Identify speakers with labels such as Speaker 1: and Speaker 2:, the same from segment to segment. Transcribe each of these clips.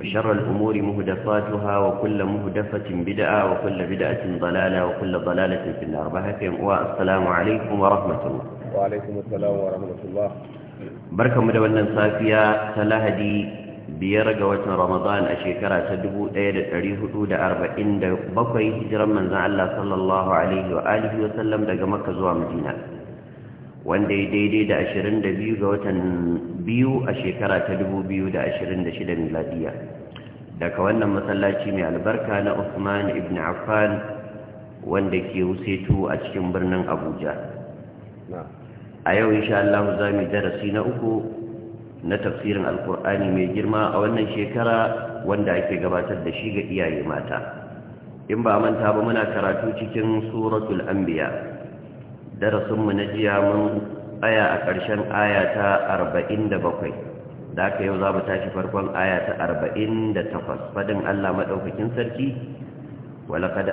Speaker 1: وشر الأمور مهدفاتها وكل مهدفة بدعة وكل بدعة ضلالة وكل ضلالة في النار بهكم والسلام عليكم ورحمة الله وعليكم السلام ورحمة الله بركة مدونا صافية تلاهدي بيرق وتن رمضان أشيكرا تدبو أيد أريه أود أربعين بقي هجرا من زعل الله صلى الله عليه وآله وسلم دقمك زوى مدينة wanda ya daidai da 22 ga watan biyu a shekara ta 2026 miladiya daga wannan masallaci mai albarka na Usman ibn Affan wanda ke wusetu a cikin birnin Abuja a yau insha Allah za mu darasi na uku na tafsirin alkur'ani mai girma a wannan shekara wanda ake gabatar da shi ga iyaye mata in ba manta ba muna karatu cikin suratul anbiya darasinmu na jiya mun aya a ƙarshen aya ta 47 da aka yau za mu tashi farkon aya ta 48 fadin Allah maɗaukakin sarki walaƙad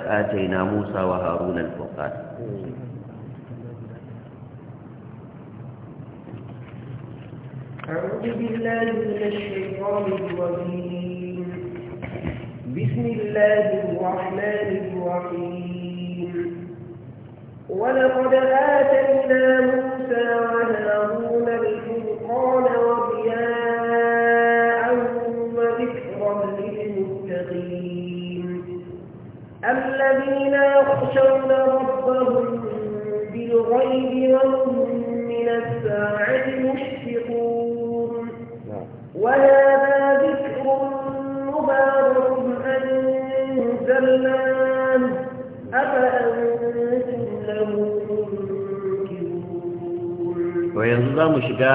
Speaker 1: na Musa wa Harun al-Furqan
Speaker 2: أعوذ بالله من الشيطان الرجيم بسم الله الرحمن الرحيم ولقد آتينا موسى وهارون الفرقان وضياء وذكرا للمتقين الذين يخشون ربهم بالغيب وهم من الساعة مشفقون نعم. ولا
Speaker 1: to yanzu za mu shiga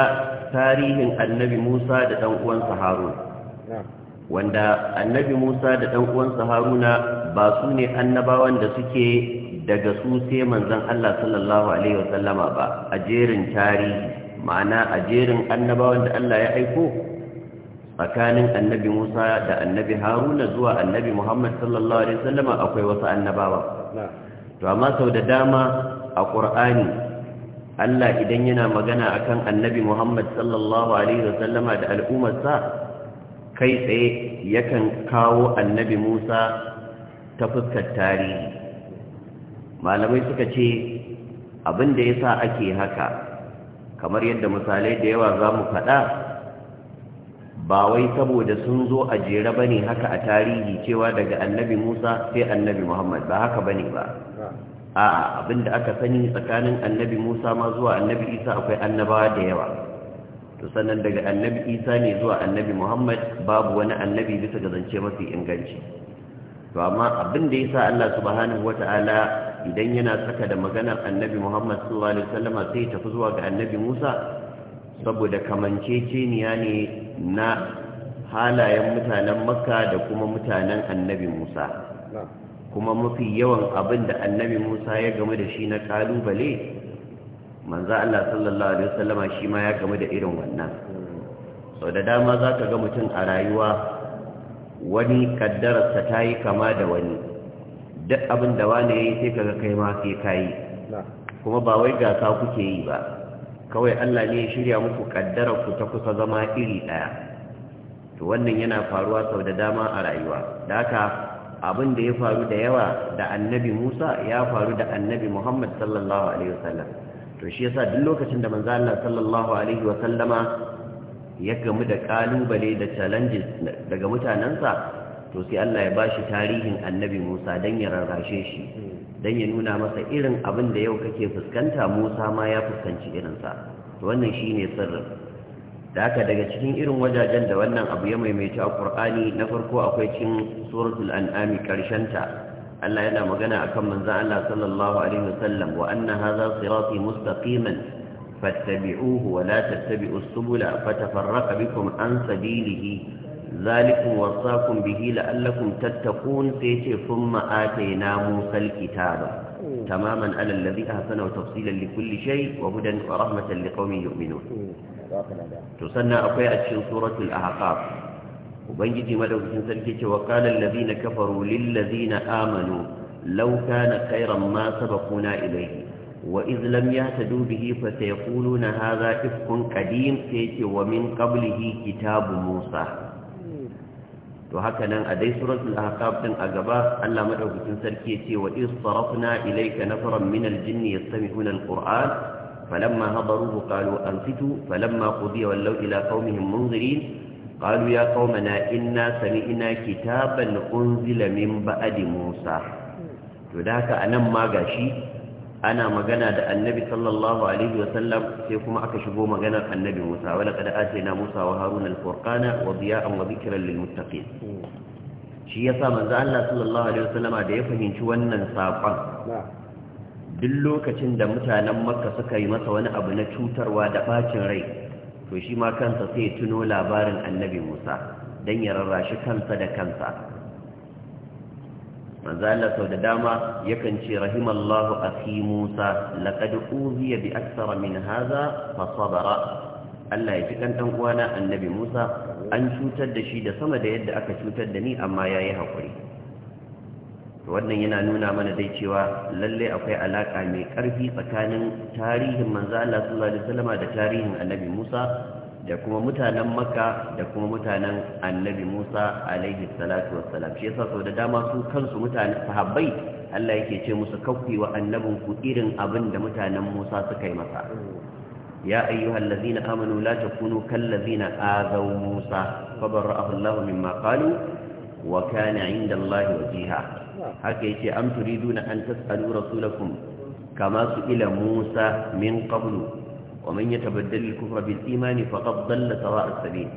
Speaker 1: tarihin annabi musa da ɗan'uwansa Haruna, wanda annabi musa da ɗan'uwansa haruna ba su ne annabawan da suke daga su sai manzon allah sallallahu alaihi wasallama ba a jerin tarihi ma'ana a jerin annabawan da allah ya aiko tsakanin annabi Musa da annabi Haruna zuwa annabi Muhammad sallallahu Alaihi wasallama akwai wasu annabawa. To, amma sau da dama a ƙur'ani Allah idan yana magana akan annabi Muhammad sallallahu alaihi wasallama da al'ummarsa kai tsaye yakan kawo annabi Musa ta fuskar tarihi malamai suka ce abin da sa ake haka kamar yadda misalai da yawa za mu faɗa ba wai saboda sun zo a jere bane haka a tarihi cewa daga annabi Musa sai annabi Muhammad ba haka ne ba a abinda aka sani tsakanin annabi musa ma zuwa annabi isa akwai annabawa da yawa to sannan daga annabi isa ne zuwa annabi muhammad babu wani annabi bisa ga zance mafi inganci
Speaker 2: to amma abinda ya sa allah subhanahu wata'ala idan yana saka da maganar annabi muhammad sallallahu alaihi sai tafi zuwa ga annabi musa
Speaker 1: saboda kamanceceniya ne na halayen mutanen makka da kuma mutanen annabi musa kuma mafi yawan abin da annabi musa ya game da shi na kalubale manzo Allah sallallahu alaihi wasallama shi ma ya game da irin wannan sau da dama za ka ga mutum a rayuwa wani kaddararsa ta yi kama da wani duk abin da wani ya yi sai ka ga kai ma sai ka yi kuma ba wai gasa kuke yi ba kawai Allah ne ya shirya muku kaddarar ku ta kusa zama iri ɗaya to wannan yana faruwa sau da dama a rayuwa da haka abin da ya faru da yawa da annabi Musa ya faru da annabi Muhammad sallallahu alaihi wasallam to shi yasa duk lokacin da manzo Allah sallallahu alaihi wasallama ya gamu da kalubale da challenges daga mutanansa to sai Allah ya bashi tarihin annabi Musa dan ya rarrashe shi dan ya nuna masa irin abin da yau kake fuskanta Musa ma ya fuskanci irinsa to wannan shine sirrin da haka daga cikin irin wajajen da wannan abu ya maimaita a ƙur'ani na farko akwai cin suratul an'ami ta. Allah yana magana akan manzon Allah sallallahu alaihi wasallam wa anna hadha sirati mustaqiman fattabi'uhu wa la tattabi'us subula fatafarraqa bikum an sabilihi zalikum wasaqum bihi la'allakum tattaqun sai ce thumma atayna musal kitaba tamaman ala alladhi ahsana tafsilan li shay wa hudan wa rahmatan liqaumin yu'minun to sannan akwai a cikin suratul ahqaf ubangiji madaukakin sarki ce wa qala allazina kafaru lil ladzina amanu law kana khayran ma sabaquna ilayhi wa iz lam yahtadu bihi fa sayquluna hadha ifkun qadim sai wa min qablihi kitabu musa
Speaker 3: to haka nan a dai suratul ahqaf din a gaba Allah madaukakin sarki ce wa ilaika sarafna ilayka nafaran min aljinn
Speaker 1: yastami'una alquran فلما هضروه قالوا أنصتوا فلما قضي ولوا إلى قومهم منظرين قالوا يا قومنا إنا سمئنا كتابا أنزل من بعد موسى وذاك أنا ما قاشي أنا مغنى دا النبي صلى الله عليه وسلم سيكم أكشبوا مغنى النبي موسى ولقد آتينا موسى وهارون الفرقان وضياء وذكرا للمتقين shi yasa manzo Allah sallallahu alaihi wasallama da ya fahimci wannan sakon duk lokacin da mutanen makka suka yi masa wani abu na cutarwa da bacin rai to shi ma kansa sai tuno labarin annabi musa don ya rarrashi kansa da kansa manzala sau da dama yakan ce rahimallahu akhi musa laqad uziya bi aksara min haza fa Allah ya fi kan uwana annabi musa an cutar da shi da sama da yadda aka cutar da ni amma yayi haƙuri. wannan yana nuna mana dai cewa lalle akwai alaka mai karfi tsakanin tarihin manzo Allah sallallahu alaihi wasallam da tarihin annabi Musa da kuma mutanen Makka da kuma mutanen annabi Musa alaihi salatu wassalam shi yasa sau da dama su kansu mutanen sahabbai Allah yake ce musu kawfi wa annabin ku irin abin da mutanen Musa suka yi masa ya ayyuhal ladzina amanu la takunu kal ladzina azaw Musa fa barra'ahu Allah mimma qalu wa kana 'inda Allah wajiha haka yake an turiduna an tasalu rasulakum kama su ila Musa min qablu wa man yatabaddal al-kufra bil iman faqad dalla sawa'a as-sabil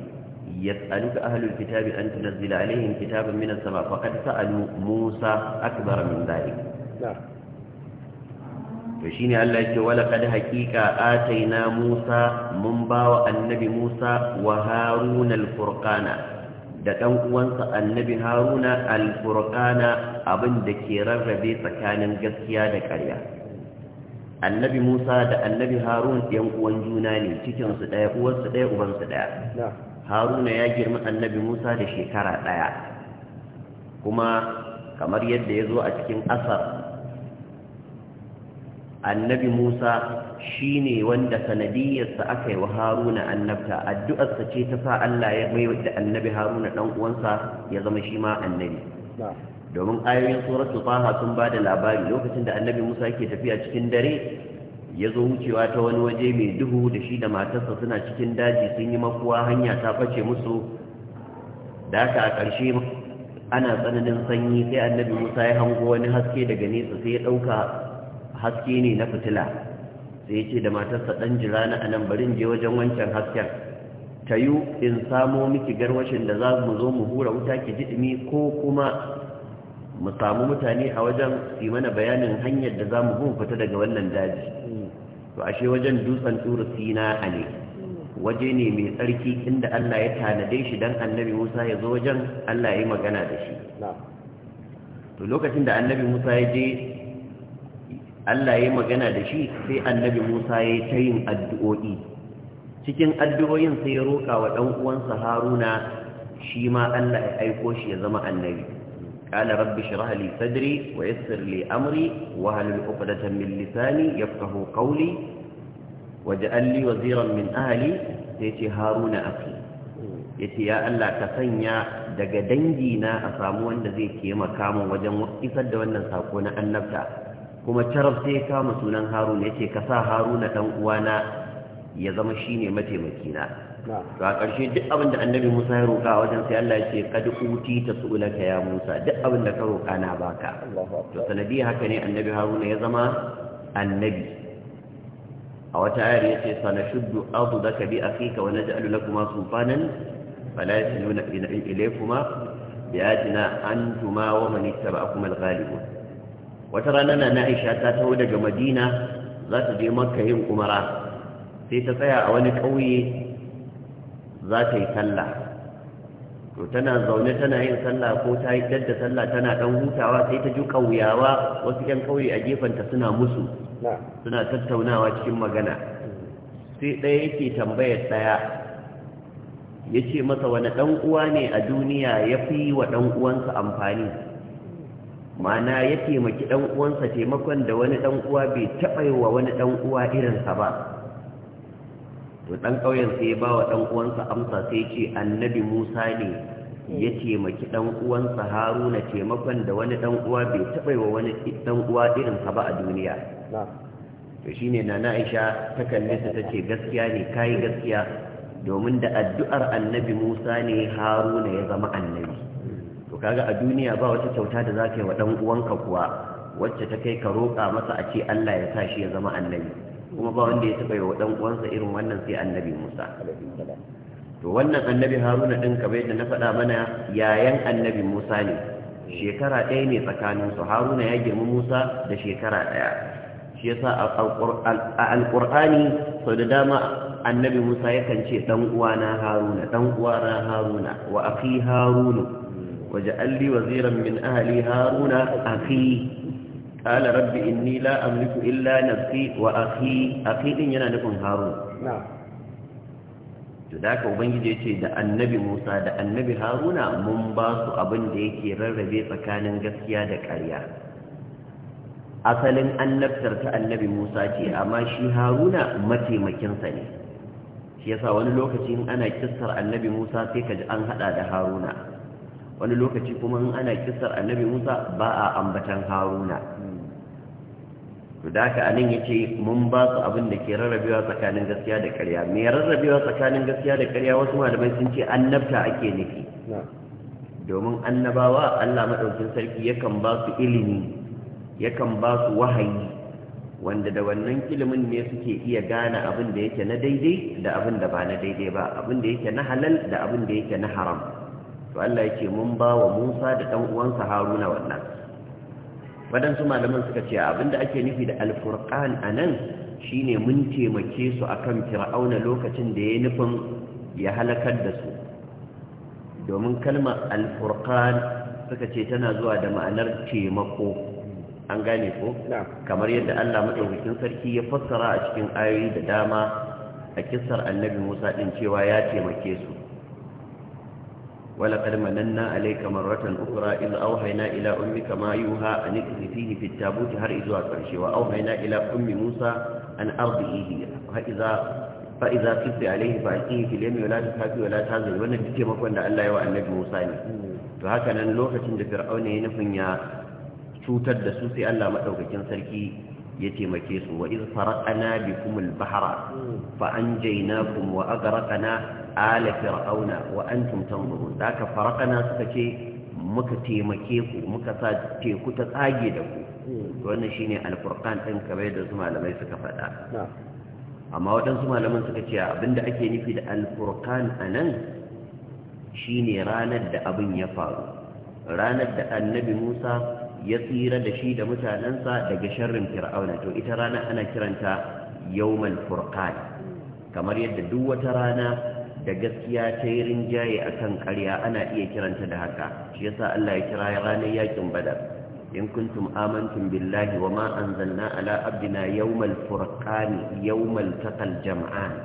Speaker 1: yas'aluka ahlu al-kitabi an tunzila alaihim kitaban min as-sama' faqad sa'alu Musa akbar min dhalik to shine Allah yake wala kad haqiqa ataina Musa mun bawa annabi Musa wa Harun al-furqana da ɗan uwansa annabi haruna alfurkana abin da ke rarrabe tsakanin gaskiya da ƙarya annabi musa da annabi harun ɗan uwan juna ne cikinsu ɗaya uwansu ɗaya ubansu ɗaya haruna ya girma annabi musa da shekara ɗaya kuma kamar yadda ya zo a cikin asar annabi Musa shine wanda sanadiyarsa aka yi wa Haruna annabta addu'arsa ce ta sa Allah ya mai da annabi Haruna dan uwansa ya zama shi ma annabi domin ayoyin suratul Taha sun ba da labari lokacin da annabi Musa yake tafiya cikin dare ya zo wucewa ta wani waje mai duhu da shi da matarsa suna cikin daji sun yi makuwa hanya ta face musu da haka a ƙarshe ana tsananin sanyi sai annabi Musa ya hango wani haske daga nesa sai ya ɗauka haske ne na fitila sai ya ce da matarsa ɗan jira na anan barin je wajen wancan hasken ta yi in samo miki garwashin da za mu zo mu hura wuta ki ji ɗumi ko kuma mu samu mutane a wajen su mana bayanin hanyar da za mu bin fita daga wannan daji to ashe wajen dutsen turu sina a ne waje ne mai tsarki inda Allah ya tanade shi don annabi Musa ya zo wajen Allah ya yi magana da shi to lokacin da annabi Musa ya je Allah ya magana da shi sai annabi Musa ya yi ta yin addu'o'i cikin addu'o'in sai ya roƙa wa ɗan uwansa Haruna shi ma Allah ya aiko shi ya zama annabi qala rabbi shrah sadri wa yassir li amri wa hlul 'uqdatan min lisani yafqahu qawli waj'al li waziran min ahali sai ce Haruna akhi yace ya Allah ka sanya daga dangi na a samu wanda zai taimaka min wajen isar da wannan sako na annabta kuma carab sai kama sunan haruna yace ka sa haruna ɗan uwana ya zama shine mataimakina to a ƙarshe duk abinda da annabi Musa ya roƙa wajen sai Allah ya ce duk wuti ta su'ulaka ya Musa duk abinda da ka roƙa na baka to sanadi haka ne annabi Haruna ya zama annabi
Speaker 3: a wata ayar yace za ka bi akhika wa naj'alu lakuma sultanan fala yasiluna ilaykuma bi an
Speaker 1: antuma wa man ittaba'akum al-ghalibun wata rana na Aisha ta taho daga Madina za ta je Makka yin umara sai ta tsaya a wani ƙauye za ta yi sallah to tana zaune tana yin sallah ko ta yi dadda sallah tana ɗan hutawa sai ta ji ƙauyawa wasu ƴan ƙauye a gefenta suna musu suna tattaunawa cikin magana sai ɗaya yake tambayar ɗaya ya ce masa wani ɗan uwa ne a duniya ya fi wa ɗan uwansa amfani ma'ana ya taimaki ɗan uwansa taimakon da wani ɗan uwa bai taɓa wa wani ɗan uwa irinsa ba to ɗan ƙauyen sai ya bawa ɗan uwansa amsa sai ce annabi Musa ne ya taimaki ɗan uwansa Haruna taimakon da wani ɗan uwa bai taɓa wa wani ɗan uwa irinsa ba a duniya to shine nana Aisha ta kalli ta ce gaskiya ne kayi gaskiya domin da addu'ar annabi Musa ne Haruna ya zama annabi kaga a duniya ba wata kyauta da za ka yi wa ɗan uwanka kuwa wacce ta kai ka roƙa masa a ce Allah ya sa shi ya zama annabi kuma ba wanda ya taɓa yi wa ɗan uwansa irin wannan sai annabi Musa to wannan annabi Haruna ɗin kamar yadda na faɗa mana yayan annabi Musa ne shekara ɗaya ne tsakaninsu Haruna ya girma Musa da shekara ɗaya shi yasa a alƙur'ani sau da dama annabi Musa yakan ce ɗan uwana Haruna dan uwana Haruna wa akhi Haruna. Waje لي وزيرا من أهلي هارون أخي قال رب إني لا أملك إلا نفسي وأخي أخي إن ينالكم هارون نعم ذاك ubangiji da annabi Musa da annabi Haruna mun ba su abin da yake rarrabe tsakanin gaskiya da karya asalin annabtar ta annabi Musa ce amma shi Haruna mataimakinsa ne shi yasa wani lokacin ana kistar annabi Musa sai ji an hada da Haruna wani lokaci kuma in ana kisar annabi musa ba a ambatan haruna to da haka anan ya ce mun ba su abin da ke rarrabewa tsakanin gaskiya da karya me rarrabewa tsakanin gaskiya da karya wasu malamai sun ce annabta ake nufi domin annabawa allah maɗaukin sarki yakan ba su ilimi yakan ba su wahayi wanda da wannan ilimin ne suke iya gane abin da yake na daidai da abin da ba na daidai ba abin da yake na halal da abin da yake na haram to Allah yake mun ba wa Musa da ɗan uwansa Haruna wannan waɗansu malaman suka ce abinda ake nufi da a anan shine mun taimake su akan fir'auna lokacin da ya nufin ya halakar da su domin kalmar alfurqan suka ce tana zuwa da ma'anar taimako an gane ko kamar yadda Allah madaukakin sarki ya fassara a cikin ayoyi da dama a kissar annabi Musa din cewa ya taimake su ولقد مننا عليك مرة أخرى إذ أوحينا إلى أمك ما يوحى أن اكتفيه في التابوت هر إذ وأكرشي وأوحينا إلى أم موسى أن أرضئيه فإذا فإذا خفت عليه فألقيه في اليم ولا تخافي ولا تحزني وأنا جيتي مكو أن الله يوى النبي موسى فهكذا لوكة فرعون ينفن يا cutar da su sai Allah maɗaukakin sarki ya taimake su wa iz farqana bikum al-bahra fa anjaynakum wa agraqna ala fir'auna wa antum tanzurun daka farqana suka ce muka taimake ku muka sa teku ta tsage da ku wannan shine al-furqan din kamar da su malamai suka faɗa amma waɗansu malaman suka ce abinda ake nufi da al-furqan anan shine ranar da abin ya faru ranar da annabi Musa ya tsira da shi da mutanensa daga sharrin fir'auna to ita rana ana kiranta yawmal furqan kamar yadda duk wata rana da gaskiya ta yi rinjaye a kan ƙarya ana iya kiranta da haka shi yasa Allah ya kira ranar yakin badar in kuntum amantum billahi wa ma anzalna ala abdina yawmal furqan yawmal taqal jam'an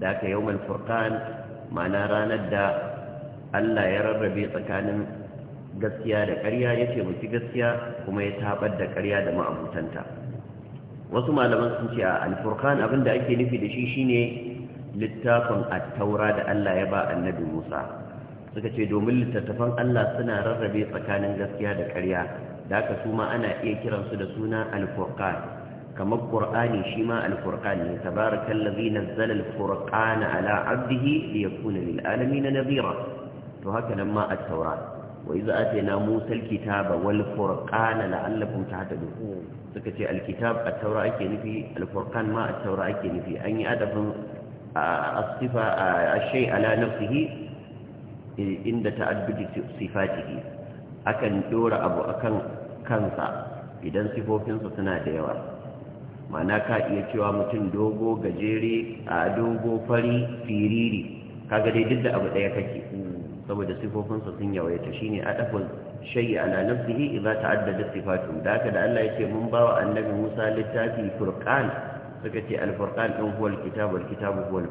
Speaker 1: da ka yawmal furqan ma'ana ranar da Allah ya rarrabe tsakanin gaskiya da ƙarya ya taimaki gaskiya kuma ya tabar da ƙarya da ma'abutanta wasu malaman sun ce a alfurkan abin da ake nufi da shi shine littafin attaura da Allah ya ba annabi Musa suka ce domin littattafan Allah suna rarrabe tsakanin gaskiya da ƙarya da haka su ma ana iya kiransu da suna alfurkan Kamar كما القرآن شما الفرقان تبارك ala نزل الفرقان على عبده ليكون للآلمين نذيرا وهكذا ma attaura. wa iza atayna musa alkitaba wal furqana la'allakum tahtadun suka ce alkitab at-taura ake nufi al ma at-taura ake nufi an yi adafin as-sifa ala nafsihi inda ta'addudi sifatihi akan dora abu akan kansa idan sifofinsa suna da yawa ma'ana ka iya cewa mutum dogo gajere a dogo fari firiri kaga dai duk da abu daya kake saboda sifofinsa sun yawaita shine adaful shay'i ala nafsihi idza ta'addada sifatu da haka da Allah ya ce mun bawa annabi Musa littafi furqan suka ce al ɗin din kitabu al-kitab wal kitab huwa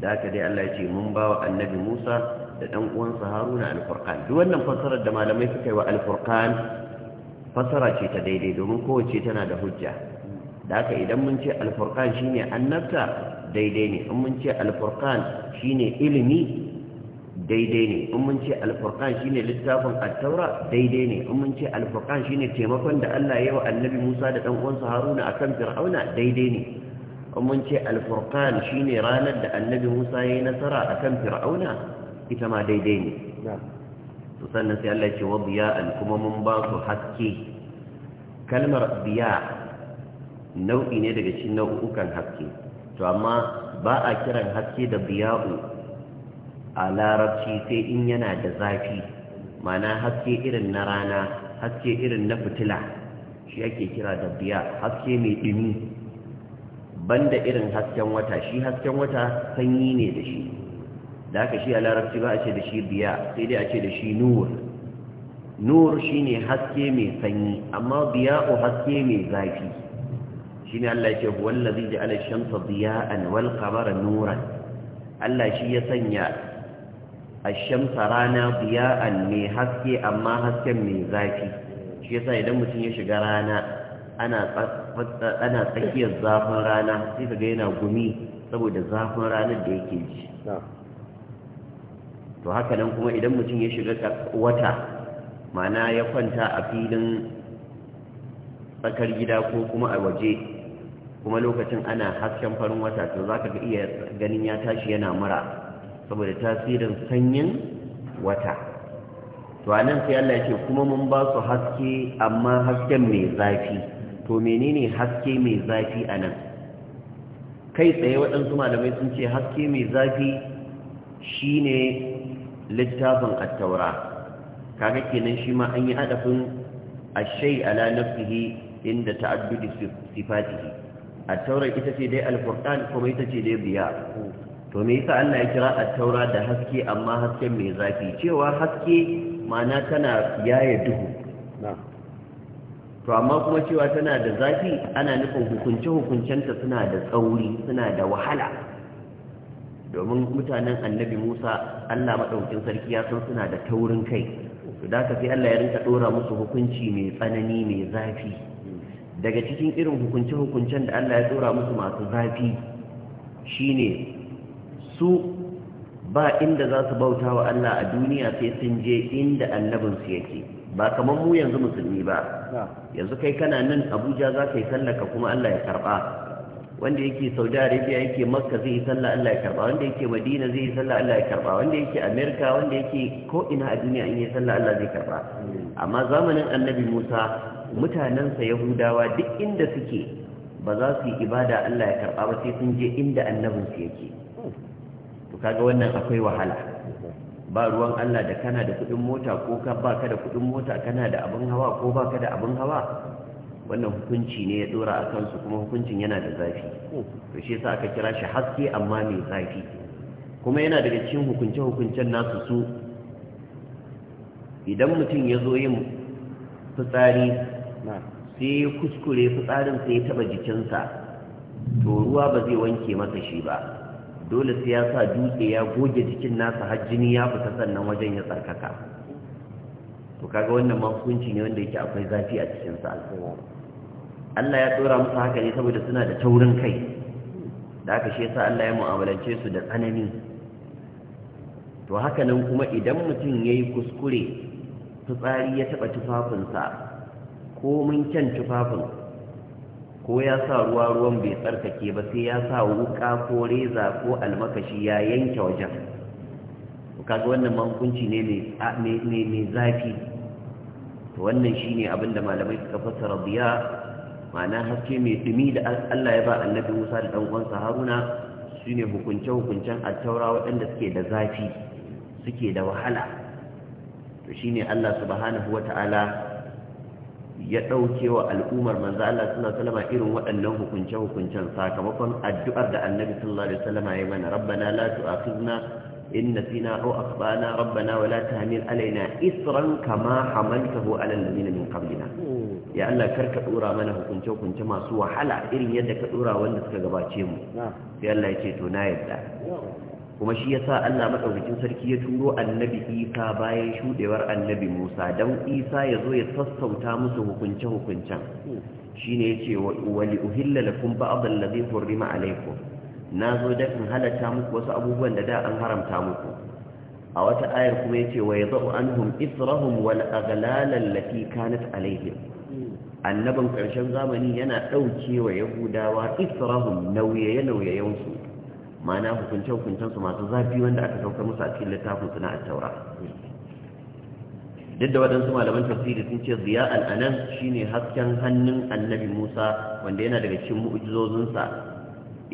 Speaker 1: da haka dai Allah yake mun bawa annabi Musa da ɗan uwansa Haruna al-furqan duk wannan fassarar da malamai suka yi wa al-furqan fassara ce ta daidai domin kowace tana da hujja da haka idan mun ce al shine annabta daidai ne in mun ce alfurkan shine ilimi daidai ne in mun ce alfurkan shine littafin at-taura daidai ne in mun ce alfurkan shine taimakon da Allah ya yi wa annabi Musa da dan uwansa Haruna akan Fir'auna daidai ne in mun ce alfurkan shine ranar da annabi Musa ya yi nasara akan Fir'auna ita ma daidai ne to sannan sai Allah ya ce wadiya'an kuma mun ba su haske kalmar biya nau'i ne daga cikin nau'ukan haske to amma ba a kiran haske da biya'u a larabci sai in yana da zafi mana haske irin na rana haske irin na fitila shi yake kira da biya haske mai dumi banda irin hasken wata shi hasken wata sanyi ne da shi da haka shi a larabci ba a ce da shi biya sai dai a ce da shi nur nur shine haske mai sanyi amma biya'u haske mai zafi shine Allah yake wallazi ja'ala ash-shamsa diya'an wal qamara nuran Allah shi ya sanya ashamsa rana biya'an mai haske amma hasken mai zafi shi yasa idan mutum ya shiga rana ana tsakiyar zafin rana sai kaga yana gumi saboda zafin ranar da yake ji to haka nan kuma idan mutum ya shiga wata mana ya kwanta a filin tsakar gida ko kuma a waje kuma lokacin ana hasken farin wata to za ka iya ganin ya tashi yana mura saboda tasirin sanyin wata to anan sai Allah yake kuma mun ba su haske amma hasken mai zafi to menene haske mai zafi anan kai tsaye waɗansu malamai sun ce haske mai zafi shine littafin at-taura kaga kenan shi ma an yi adafin ashai ala nafsihi inda ta'addudi sifatihi at-taura ita ce dai al-qur'an kuma ita ce dai biya to me yasa Allah ya kira at-taura da haske amma hasken mai zafi cewa haske ma'ana tana yaye duhu to amma kuma cewa tana da zafi ana nufin hukunce hukuncenta suna da tsauri suna da wahala domin mutanen annabi Musa Allah madaukin sarki ya san suna da taurin kai to da ka sai Allah ya rinka dora musu hukunci mai tsanani mai zafi daga cikin irin hukunce hukuncen da Allah ya dora musu masu zafi shine su ba inda za su bauta wa Allah a duniya sai sun je inda annabinsu yake ba kamar mu yanzu musulmi ba yanzu kai kana nan abuja za ka yi sallaka kuma Allah ya karba wanda yake saudi arabia yake makka zai yi sallah Allah ya karba wanda yake madina zai yi sallah Allah ya karba wanda yake america wanda yake ko ina a duniya in yi sallah Allah zai karba hmm. amma zamanin annabi musa mutanensa yahudawa duk inda suke ba za su yi ibada Allah ya karba ba sai sun je inda annabinsu yake kaga wannan akwai wahala ba ruwan Allah da kana da kudin mota ko ka ka da kudin mota kana da abin hawa ko ba ka da abin hawa wannan hukunci ne ya dora a kansu kuma hukuncin yana da zafi to shi yasa aka kira shi haske amma mai zafi kuma yana daga cikin hukunce-hukuncen nasu su idan mutum ya zo yin fitsari sai ya kuskure fitsarin sai ya taba jikinsa to ruwa ba zai wanke masa shi ba dole sai ya sa dutse ya goge jikin nasa har jini ya fita sannan wajen ya tsarkaka to kaga wannan ma hukunci ne wanda yake akwai zafi a cikin sa Allah ya tsora musu haka ne saboda suna da taurin kai da haka shi yasa Allah ya mu'amalance su da tsanani to haka nan kuma idan mutum yayi kuskure fitsari ya taba tufafinsa ko mun kyan tufafin ko ya sa ruwa ruwan bai tsarkake ba sai ya sa wuka ko reza ko almakashi ya yanke wajen kaga wannan mankunci ne mai zafi wannan shine abinda malamai suka fassara biya ma'ana haske mai dumi da Allah ya ba annabi Musa da dan uwansa Haruna shine hukunce-hukuncen a taura waɗanda suke da zafi suke da wahala to shine Allah subhanahu ta'ala. ya ɗauke wa al'ummar manzo Allah salama irin waɗannan hukunce hukuncen sakamakon addu'ar da Annabi sallallahu alaihi wasallam ya mana rabbana la tu'akhidna in nasina aw akhtana rabbana wa la tahmil alaina isran kama hamaltahu ala alladhina min qablina hmm. ya Allah kar ka dora mana hukunce hukunce masu wahala irin yadda ka dora wanda suka gabace mu sai Allah ya ce to na yadda kuma shi yasa Allah madaukakin sarki ya turo annabi Isa bayan shudewar annabi Musa dan Isa ya zo ya sassauta musu hukunce hukuncen shine yace wa li uhilla lakum ba'd alladhi hurrima alaykum nazo da in halarta muku wasu abubuwan da da an haramta muku a wata ayar kuma yace wa yadhu anhum israhum wal aghlal allati kanat alayhim annabin karshen zamani yana ɗauke wa yahudawa israhum nauye nauyayensu ma'ana hukunce hukuncen su masu zafi wanda aka saukar musu a cikin littafin suna a taura duk da waɗansu malaman tafsiri sun ce ziya al'anan shine hasken hannun annabi musa wanda yana daga cikin mu'ujizozinsa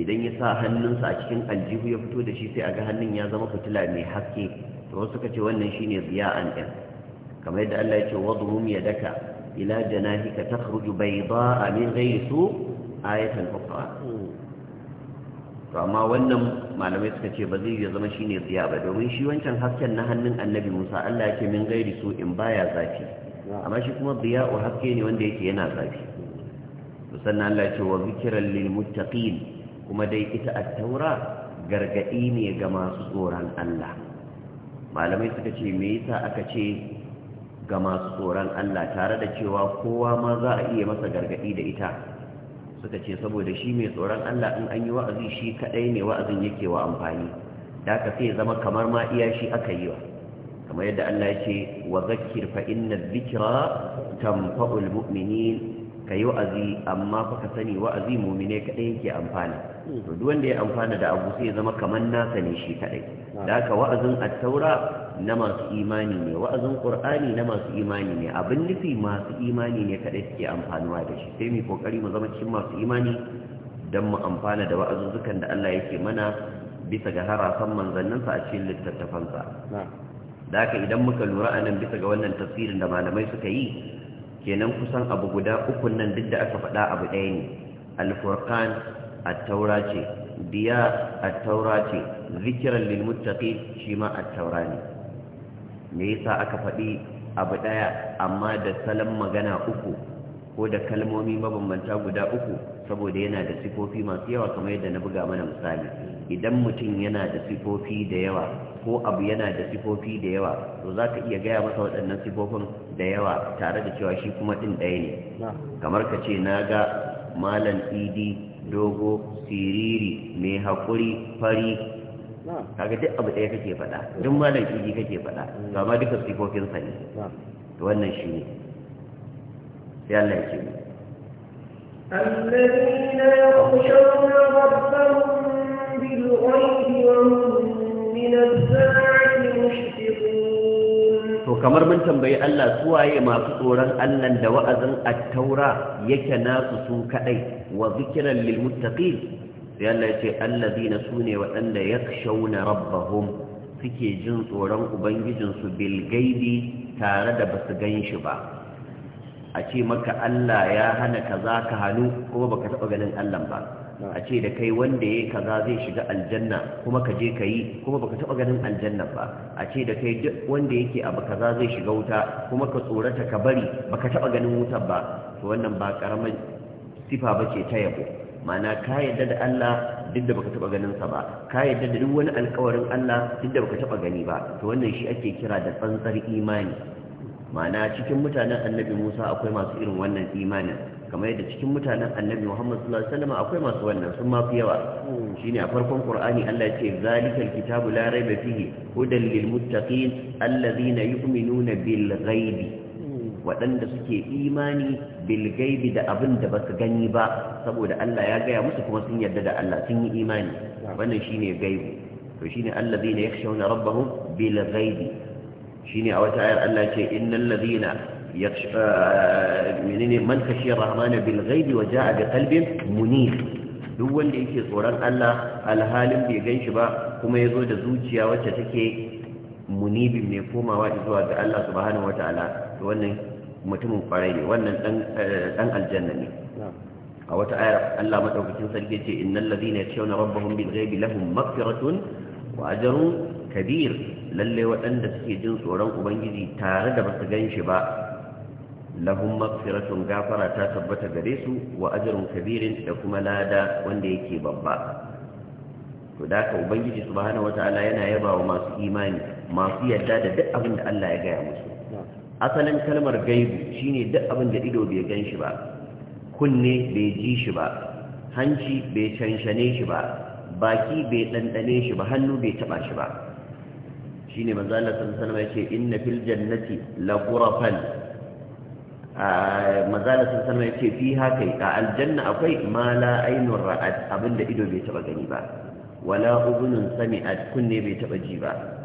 Speaker 1: idan ya sa hannunsa a cikin aljihu ya fito da shi sai a ga hannun ya zama fitila mai haske to wasu suka ce wannan shine ziya an ɗin kamar yadda allah ya ce wadhum yadaka ila janahika ba a min ghayri su ayatan ukhra to amma wannan malamai suka ce ba zai yi zama shine tsiya ba domin shi wancan hasken na hannun annabi musa allah yake min gairi su in baya zafi amma shi kuma biya'u haske ne wanda yake yana zafi sannan allah ya ce wa zikiran lil muttaqin kuma dai ita at-taura gargadi ne ga masu tsoron allah malamai suka ce me yasa aka ce ga masu tsoron allah tare da cewa kowa ma za a iya masa gargadi da ita suka ce saboda shi mai tsoron Allah in an yi wa'azi shi kadai ne wa'azin yake wa amfani da haka sai zama kamar ma iya shi aka yi wa kamar yadda Allah ya ce wa zakkir fa inna dhikra tanfa'ul mu'minin kai wa'azi amma fa ka sani wa'azi mu'mine kadai yake amfana to duk wanda ya amfana da abu sai zama kamar nasa ne shi kadai da haka wa'azin at-taura na masu imani ne wa'azin qur'ani na masu imani ne abin nufi masu imani ne kadai suke amfanuwa da shi sai mu kokari mu zama cikin masu imani dan mu amfana da wa'azuzzukan da Allah yake mana bisa ga harafan manzanninsa a cikin littattafansa da haka idan muka lura a nan bisa ga wannan tafsirin da malamai suka yi kenan kusan abu guda uku nan duk da aka faɗa abu ɗaya ne alfurkan taura ce diya taura ce zikiran lilmuttaqi shi ma taura ne me yasa aka faɗi abu ɗaya amma da salon magana uku ko da kalmomi mabambanta guda uku saboda yana da sifofi masu yawa kamar yadda na buga mana misali idan mutum yana da sifofi da yawa ko abu yana da sifofi da yawa to za ka iya gaya masa waɗannan sifofin da yawa tare da cewa shi kuma ɗin ɗaya ne kamar ka ce na ga malam idi dogo siriri mai haƙuri fari kaga duk abu ɗaya kake faɗa duk malam shi kake faɗa to amma duka sifofin sa ne to wannan shi ne sai Allah ya ce
Speaker 2: الذين يخشون ربهم بالغيب وهم من الساعة
Speaker 1: to kamar mun tambayi Allah su waye masu tsoron Allah da wa'azin at-taura yake nasu su kadai wa zikran lil muttaqin sai Allah ya ce allazina sune waɗanda yakshawna rabbahum suke jin tsoron ubangijinsu bil gaibi tare da basu ganshi ba a ce maka Allah ya hana kaza ka hannu kuma baka taba ganin Allah ba a ce da kai wanda yayi kaza zai shiga aljanna kuma ka je ka kuma baka taba ganin aljanna ba a ce da kai duk wanda yake abu kaza zai shiga wuta kuma ka tsorata ka bari baka taba ganin wutar ba to wannan ba ƙaramin sifa bace ta yabo ma'ana ka yadda da Allah duk da baka taba ganin sa ba ka yadda da duk wani alƙawarin Allah duk da baka taba gani ba to wannan shi ake kira da tsantsar imani ma'ana cikin mutanen annabi Musa akwai masu irin wannan imanin kamar yadda cikin mutanen annabi Muhammad sallallahu alaihi wasallam akwai masu wannan sun ma fi yawa shine a farkon Qur'ani Allah ya ce zalikal kitabu la raiba fihi hudan lil muttaqin alladhina yu'minuna bil ghaibi Waɗanda suke imani bilgaibi da abin da ba su gani ba saboda Allah ya gaya musu kuma sun yarda da Allah sun yi imani wannan ne gaibi to shi ne ne shine allazina yakhshawna rabbahum shi ne a wata ayar Allah ce innal ladina yakhsha uh, menene man khashiya rahmana bilghaibi wa jaa biqalbin munif duk wanda yake tsoron Allah alhalin bai gan shi ba kuma ya zo da zuciya wacce take munibin mai komawa zuwa ga Allah subhanahu wataala to wannan mutumin kwarai ne wannan dan eh, aljanna ne a wata ayar Allah maɗaukacin sarki ce innal ladina yashawna rabbahum bil ghaibi lahum maghfiratun wa ajrun kabir lalle waɗanda suke jin tsoron ubangiji tare da basu ganshi ba Lahun maghfiratun gafara ta tabbata gare su wa ajrun kabirin da kuma lada wanda yake babba to da ka ubangiji subhanahu wataala yana yaba wa masu imani masu yadda da duk abin da Allah ya gaya musu asalin kalmar gaibu shine duk abin da ido bai gan shi ba kunne bai ji shi ba hanci bai canshane shi ba baki bai ɗanɗane shi ba hannu bai taɓa shi ba shi ne manzala sansanama ya ce inna fil jannati la gurafan manzala sansanama ce fi haka a aljanna akwai ma la ainihin ra'ad abinda ido bai taɓa gani ba wala ubunun sami'at kunne bai taɓa ji ba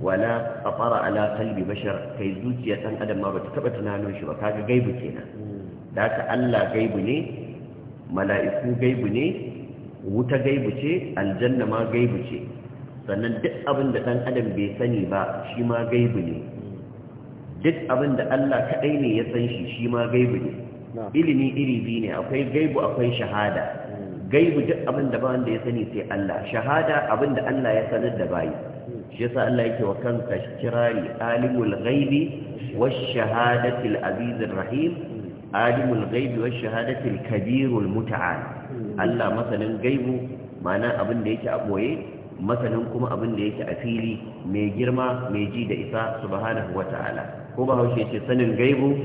Speaker 1: wala qatara ala kalbi bashar kai zuciya ɗan adam ma bata taba tunanin shi ba kaga gaibu kenan da ka Allah gaibu ne mala'iku gaibu ne wuta gaibu ce aljanna ma gaibu ce sannan duk abin da dan adam bai sani ba shi ma gaibu ne duk abin da Allah kadai ne ya san shi shi ma gaibu ne ilimi iri biyu ne akwai gaibu akwai shahada hmm. gaibu duk abin da ba wanda ya sani sai Allah shahada abin da Allah ya sanar da bayi shi yasa Allah yake wa kanka kirari alimul ghaibi wash shahadati alazizir rahim alimul ghaibi wash Kabiru alkabirul mutaal Allah masanin gaibu mana abin da yake a boye masanin kuma abin da yake a fili mai girma mai ji da isa subhana subhanahu ta'ala. ko ba haushe ce sanin gaibu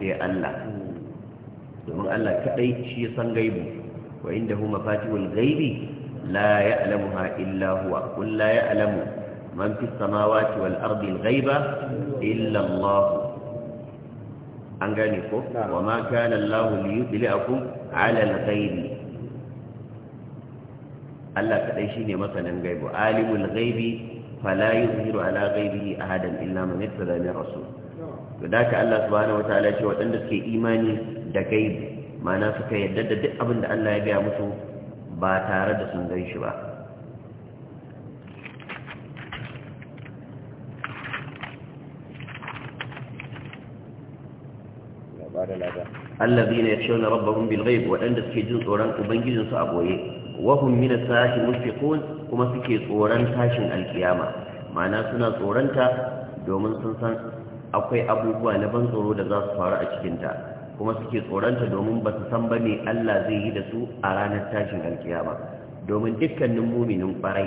Speaker 1: sai Allah domin Allah kaɗai shi san gaibu wa inda huma fatihul ghaibi لا يعلمها إلا هو قل لا يعلم من في السماوات والأرض الغيبة إلا الله أنجانيكم وما كان الله ليطلعكم على الغيب الله كديشيني مثلا غيب عالم الغيب فلا يظهر على غيبه أحدا إلا من ارتدى من رسول فذاك الله سبحانه وتعالى شو عندك إيماني دا غيب ما نافك يدد دي أبن الله يبيع مسوه ba tare da sun gan shi ba allazina yakhshawna rabbahum bil bilgai wadanda suke jin tsoron ubangijin su a goye, wa hum min as-saati mushfiqun kuma suke tsoron tashin alkiyama ma'ana suna tsoronta domin sun san akwai abubuwa na ban tsoro da za su faru a cikin ta kuma suke tsoronta domin ba su san ba ne Allah zai yi da su a ranar tashin alkiyama domin dukkanin muminin kwarai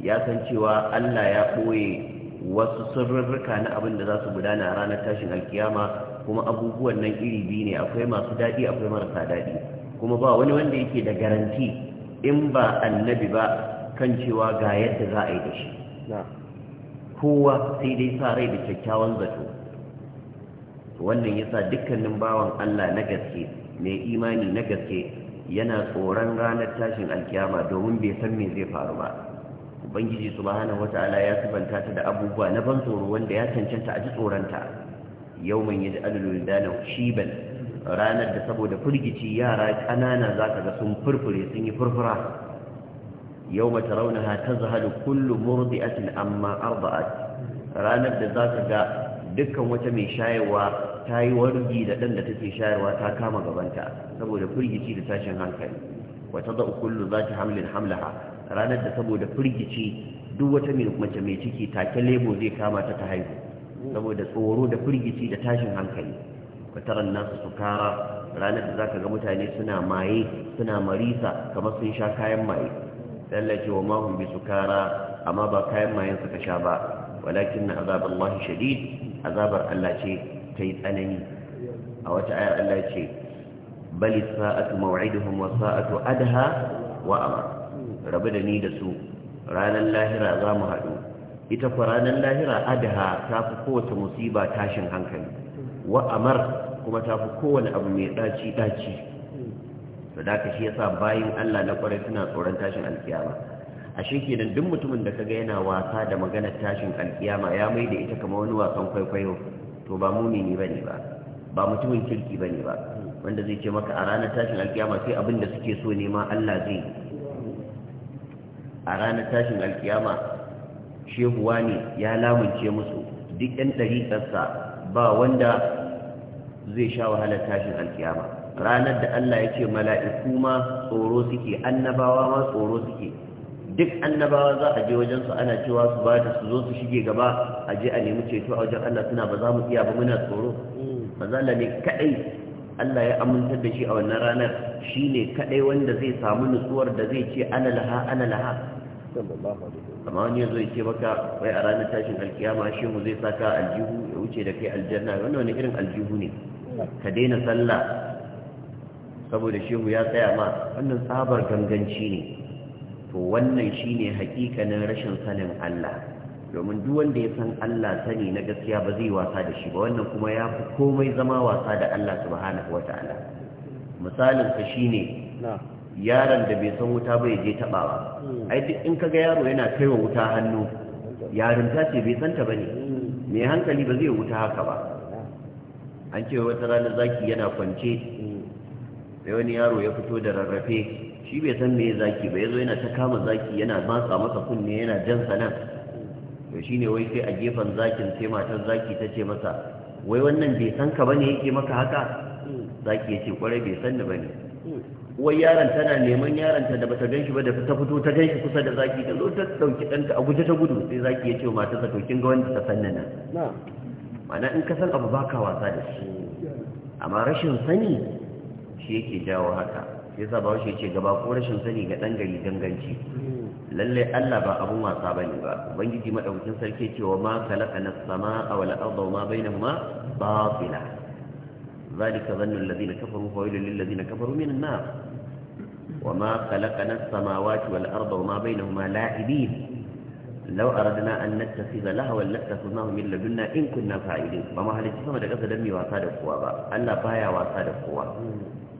Speaker 1: ya san cewa Allah ya ɓoye wasu sirrurruka na abin da za su gudana a ranar tashin alkiyama kuma abubuwan nan iri biyu ne akwai masu daɗi akwai marasa daɗi kuma ba wani wanda yake da garanti in ba annabi ba kan cewa ga yadda za a yi da shi kowa sai dai sa rai da kyakkyawan zato wannan yasa dukkanin bawan Allah na gaske mai imani na gaske yana tsoron ranar tashin alkiyama domin bai san me zai faru ba ubangiji subhanahu wataala ya sabanta ta da abubuwa na ban tsoro wanda ya cancanta a ji tsoranta yawman yaj'alul lidana shiban ranar da saboda furgici yara kanana ka ga sun furfure sun yi furfura yawma tarawnaha tazhalu kullu murdi'atin amma arba'at ranar da za ka ga dukkan wata mai shayarwa ta yi wargi da ɗan da take shayarwa ta kama gabanta saboda firgici da tashin hankali wata da kullu za ta hamlin hamlaha ranar da saboda firgici duk wata mace mai ciki take lebo zai kama ta ta haihu saboda tsoro da firgici da tashin hankali wataran nasu kara ranar da za ka ga mutane suna maye suna marisa kamar sun sha kayan maye tsallace wa mahun bi kara amma ba kayan mayen suka sha ba walakin na azabar Allah shadid azabar Allah ce ta yi tsanani a wata ayar Allah ce bali sa'atu maw'iduhum wa sa'atu adha wa rabu da ni da su ranar lahira za mu haɗu ita kwa ranar lahira adha ta fi kowace musiba tashin hankali wa kuma ta fi kowane abu mai ɗaci ɗaci da shi yasa bayin Allah na kwarai suna tsoron tashin alkiyama ashe kenan duk mutumin da kaga yana wasa da magana tashin alkiyama ya mai da ita kamar wani wasan kwaikwayo to ba mumini bane ba ba mutumin kirki bane ba wanda zai ce maka a ranar tashin alkiyama sai abin da suke so nema ma Allah zai a ranar tashin alkiyama shehuwa ne ya lamunce musu duk ɗan ɗariƙarsa ba wanda zai sha wahalar tashin alkiyama ranar da Allah ya ce mala'iku ma tsoro suke annabawa ma tsoro suke duk annabawa za a je wajensu ana cewa su ba da su zo su shige gaba a je a nemi ceto a wajen Allah suna ba za mu iya ba muna tsoro manzala ne kadai Allah ya amintar da shi a wannan ranar shi ne kadai wanda zai samu nutsuwar da zai ce ana laha ana laha amma wani ya zo ya ce baka wai a ranar tashin alkiyama shi mu zai saka aljihu ya wuce da kai aljanna wannan wani irin aljihu ne ka daina sallah saboda shehu ya tsaya ma wannan tsabar ganganci ne to wannan shine hakikanin rashin sanin Allah domin duk wanda ya san Allah sani na gaskiya ba zai wasa da shi ba wannan kuma ya fi komai zama wasa da Allah subhanahu wataala misalin ka shine yaron da bai san wuta ba je tabawa hmm. ai duk in kaga yaro yana kaiwa wuta hannu yarinta ce bai santa bane mai hmm. hankali ba zai wuta haka ba an ce wata ranar zaki yana kwance hmm. sai wani yaro ya fito da rarrafe shi bai san me zaki ba yazo yana ta kama zaki yana matsa masa kunne yana jan sana to shine wai sai a gefen zakin sai matar zaki ta ce masa wai wannan bai san ka bane yake maka haka zaki yace kwarai bai san ni bane wai yaron tana neman yaron ta da bata ganshi ba da ta fito ta ganshi kusa da zaki da zo ta dauki danta a guje ta gudu sai zaki yace wa matarsa to kin ga wanda ta san nan ma'ana in ka san abu baka wasa da shi amma rashin sani shi yake jawo haka yasa ba washe ce gaba ko rashin sani ga ɗan gari ganganci lalle Allah ba abun wasa ba ne ba ubangiji madaukakin sarki cewa ma khalaqana as-samaa wal arda wa ma bainahuma batila zalika dhannu alladhina kafaru fa wailul lil ladina kafaru minan nar wa ma khalaqana as-samawati wal arda wa ma bainahuma la'ibin law aradna an nattakhidha lahwa lattakhadnahu min ladunna in kunna fa'ilin ba ma halicci sama da kasa dan mai wasa da kowa ba Allah baya wasa da kowa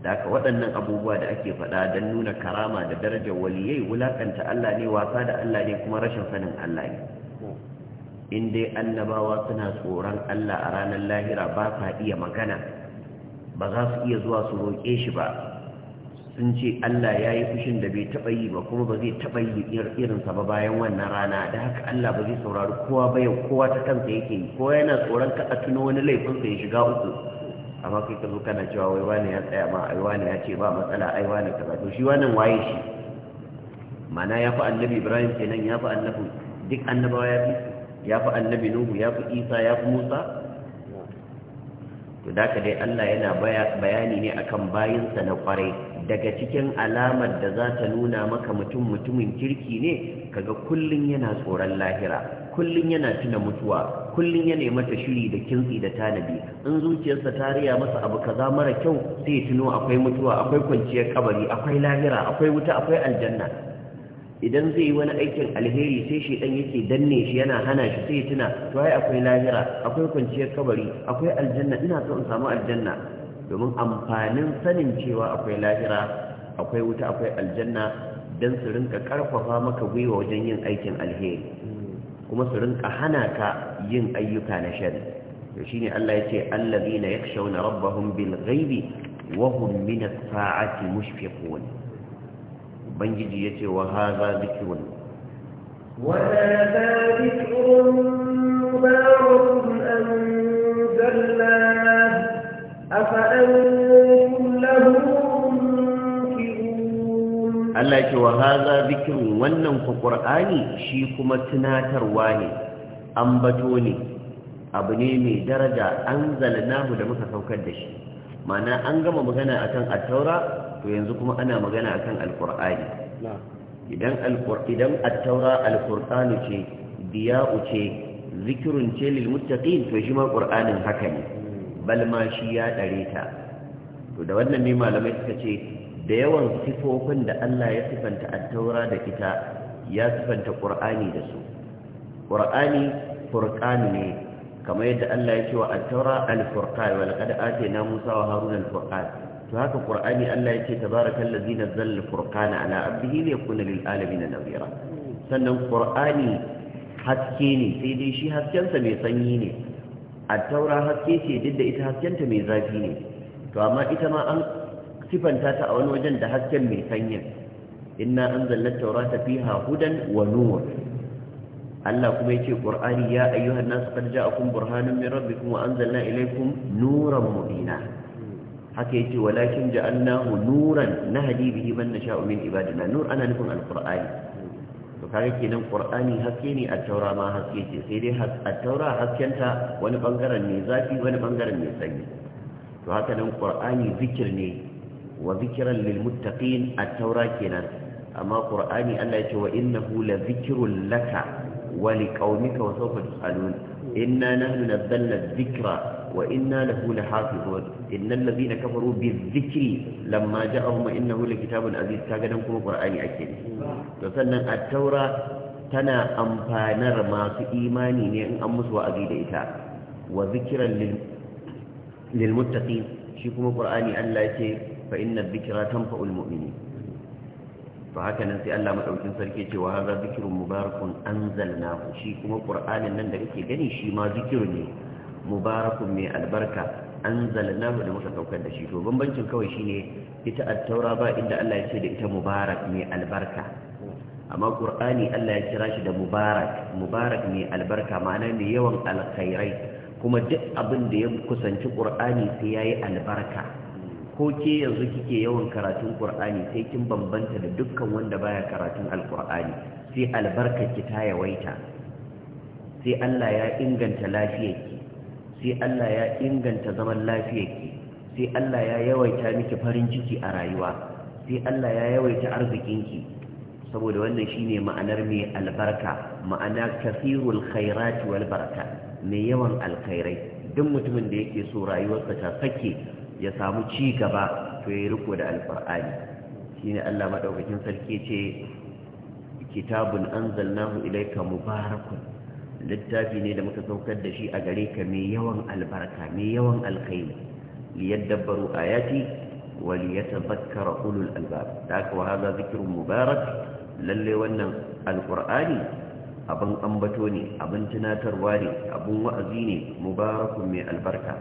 Speaker 1: da aka waɗannan abubuwa da ake faɗa don nuna karama da darajar waliyai wulaƙanta Allah ne wasa da Allah ne kuma rashin sanin Allah ne in dai annabawa suna tsoron Allah a ranar lahira ba sa iya magana ba za su iya zuwa su roƙe shi ba sun ce Allah ya yi fushin da bai taɓa yi ba kuma ba zai taɓa yi irinsa ba bayan wannan rana da haka Allah ba zai saurari kowa ba kowa ta kansa yake yi kowa yana tsoron kaɗa tuno wani laifinsa ya shiga uku amma kai ka zo kana cewa wai wani ya tsaya ma ai wani ya ce ba matsala ai wani ba to shi wannan waye shi mana ya fi annabi ibrahim kenan ya fi annabi duk annabawa ya fi ya fi annabi nuhu ya fi isa ya fi musa to da ka dai allah yana bayani ne akan bayinsa na kwarai daga cikin alamar da za ta nuna maka mutum mutumin kirki ne kaga kullun yana tsoron lahira kullun yana tuna mutuwa kullun yana mata shiri da kintsi da tanabi in zuciyarsa ta riya masa abu kaza mara kyau sai tuno akwai mutuwa akwai kwanciyar kabari akwai lahira akwai wuta akwai aljanna idan zai yi wani aikin alheri sai shi dan yake danne shi yana hana shi sai tuna to ai akwai lahira akwai kwanciyar kabari akwai aljanna ina so in samu aljanna domin amfanin sanin cewa akwai lahira akwai wuta akwai aljanna don su rinka karfafa maka gwiwa wajen yin aikin alheri kuma su rinka hana ka yin ayyuka na shari to shine Allah yace allazina yakhshawna rabbahum bil ghaibi wa hum min as-sa'ati mushfiqun ubangiji ce wa hadha dhikrun wa
Speaker 2: hadha dhikrun mubarakun anzalna أفأنتم له منكرون
Speaker 1: ƙur'ani shi وهذا tunatarwa ne. An bato ne, abu ne mai daraja an nahu da muka saukar da shi mana an gama magana akan attaura to yanzu kuma ana magana akan alkur'ani idan idan attaura alkur'ani ce diya'u ce zikirin ce lilmuttaƙi to shi ma ƙur'anin haka ne balma shi ya ɗare ta to da wannan ne malamai suka ce da yawan sifofin da Allah ya sifanta taura da ita ya sifanta Kur'ani da su ƙur'ani furkan ne kamar yadda Allah ya ce wa attaura al-furqan wa laqad atayna Musa wa Haruna al-furqan to haka ƙur'ani Allah ya ce tabarakallazi nazzala al-furqana ala abdihi liyakuna lil alamin nadhira sannan ƙur'ani haske ne sai dai shi haskensa mai sanyi ne attaura haske ce duk da ita haskenta mai zafi ne to amma ita ma an sifanta ta a wani wajen da hasken mai sanyin inna anzalna taura taurata fiha hudan wa nur Allah kuma yace ƙurani ya ayyuhan nas qad ja'akum burhanun min kuma wa anzalna ilaykum nuran mubina haka yace walakin ja'alnahu nuran na bihi man nasha'u min ibadina nur ana nufin al to kare kenan qur'ani haske ne a taura ma haske ce sai dai a taura haskenta wani bangaren ne zafi wani bangaren ne sanyi to haka nan qur'ani zikir ne wa zikran lil muttaqin a taura kenan amma qur'ani Allah ya ce wa innahu la zikrun laka wa liqaumika wa sawfa tusalun inna nahnu nazzalna dhikra وَإِنَّا لَهُ لَحَافِظُونَ إِنَّ الَّذِينَ كَفَرُوا بِالذِّكْرِ لَمَّا جَاءَهُمْ إِنَّهُ لَكِتَابٌ عَزِيزٌ كَغَدا كuma Qur'ani ake ne to sannan at tana amfanar masu imani ne in an musu wa'azi da ita wa zikran lil muttaqin shi kuma Qur'ani Allah yake fa inna adh-dhikra tanfa'ul mu'minin to haka nan sai Allah madaukin sarki yake cewa hadha dhikrun mubarakun anzalnahu shi kuma Qur'anin nan da kake gani shi ma zikiru ne mubarakun mai albarka anzalnahu da muka saukar da shi to bambancin kawai shine ita a taura ba inda Allah ya ce da ita mubarak mai albarka amma ƙur'ani Allah ya kira shi da mubarak mubarak mai albarka ma'ana mai yawan alkhairai kuma duk abin da ya kusanci ƙur'ani sai yayi albarka ko ke yanzu kike yawan karatun ƙur'ani, sai kin bambanta da dukkan wanda baya karatun alƙur'ani, sai albarkar ki ta yawaita sai Allah ya inganta lafiyarki sai Allah ya inganta zaman lafiyar ki sai Allah ya yawaita miki farin ciki a rayuwa sai Allah ya yawaita arzikin ki saboda wannan shine ma'anar mai albarka ma'ana kasirul khairat wal baraka mai yawan alkhairai duk mutumin da yake so rayuwarsa ta sake ya samu ci gaba to ya riko da alqur'ani shine Allah madaukakin sarki ce kitabun anzalnahu ilayka mubarakun littafi ne da muka saukar da shi a gare ka mai yawan albarka mai yawan alkhairi liyadabbaru ayati wa liyatadhakkara ulul albab da aka wahaza zikirin mubarak lalle wannan alkur'ani abin ambato ne abin tunatarwa ne abin wa'azi ne mubarakun mai albarka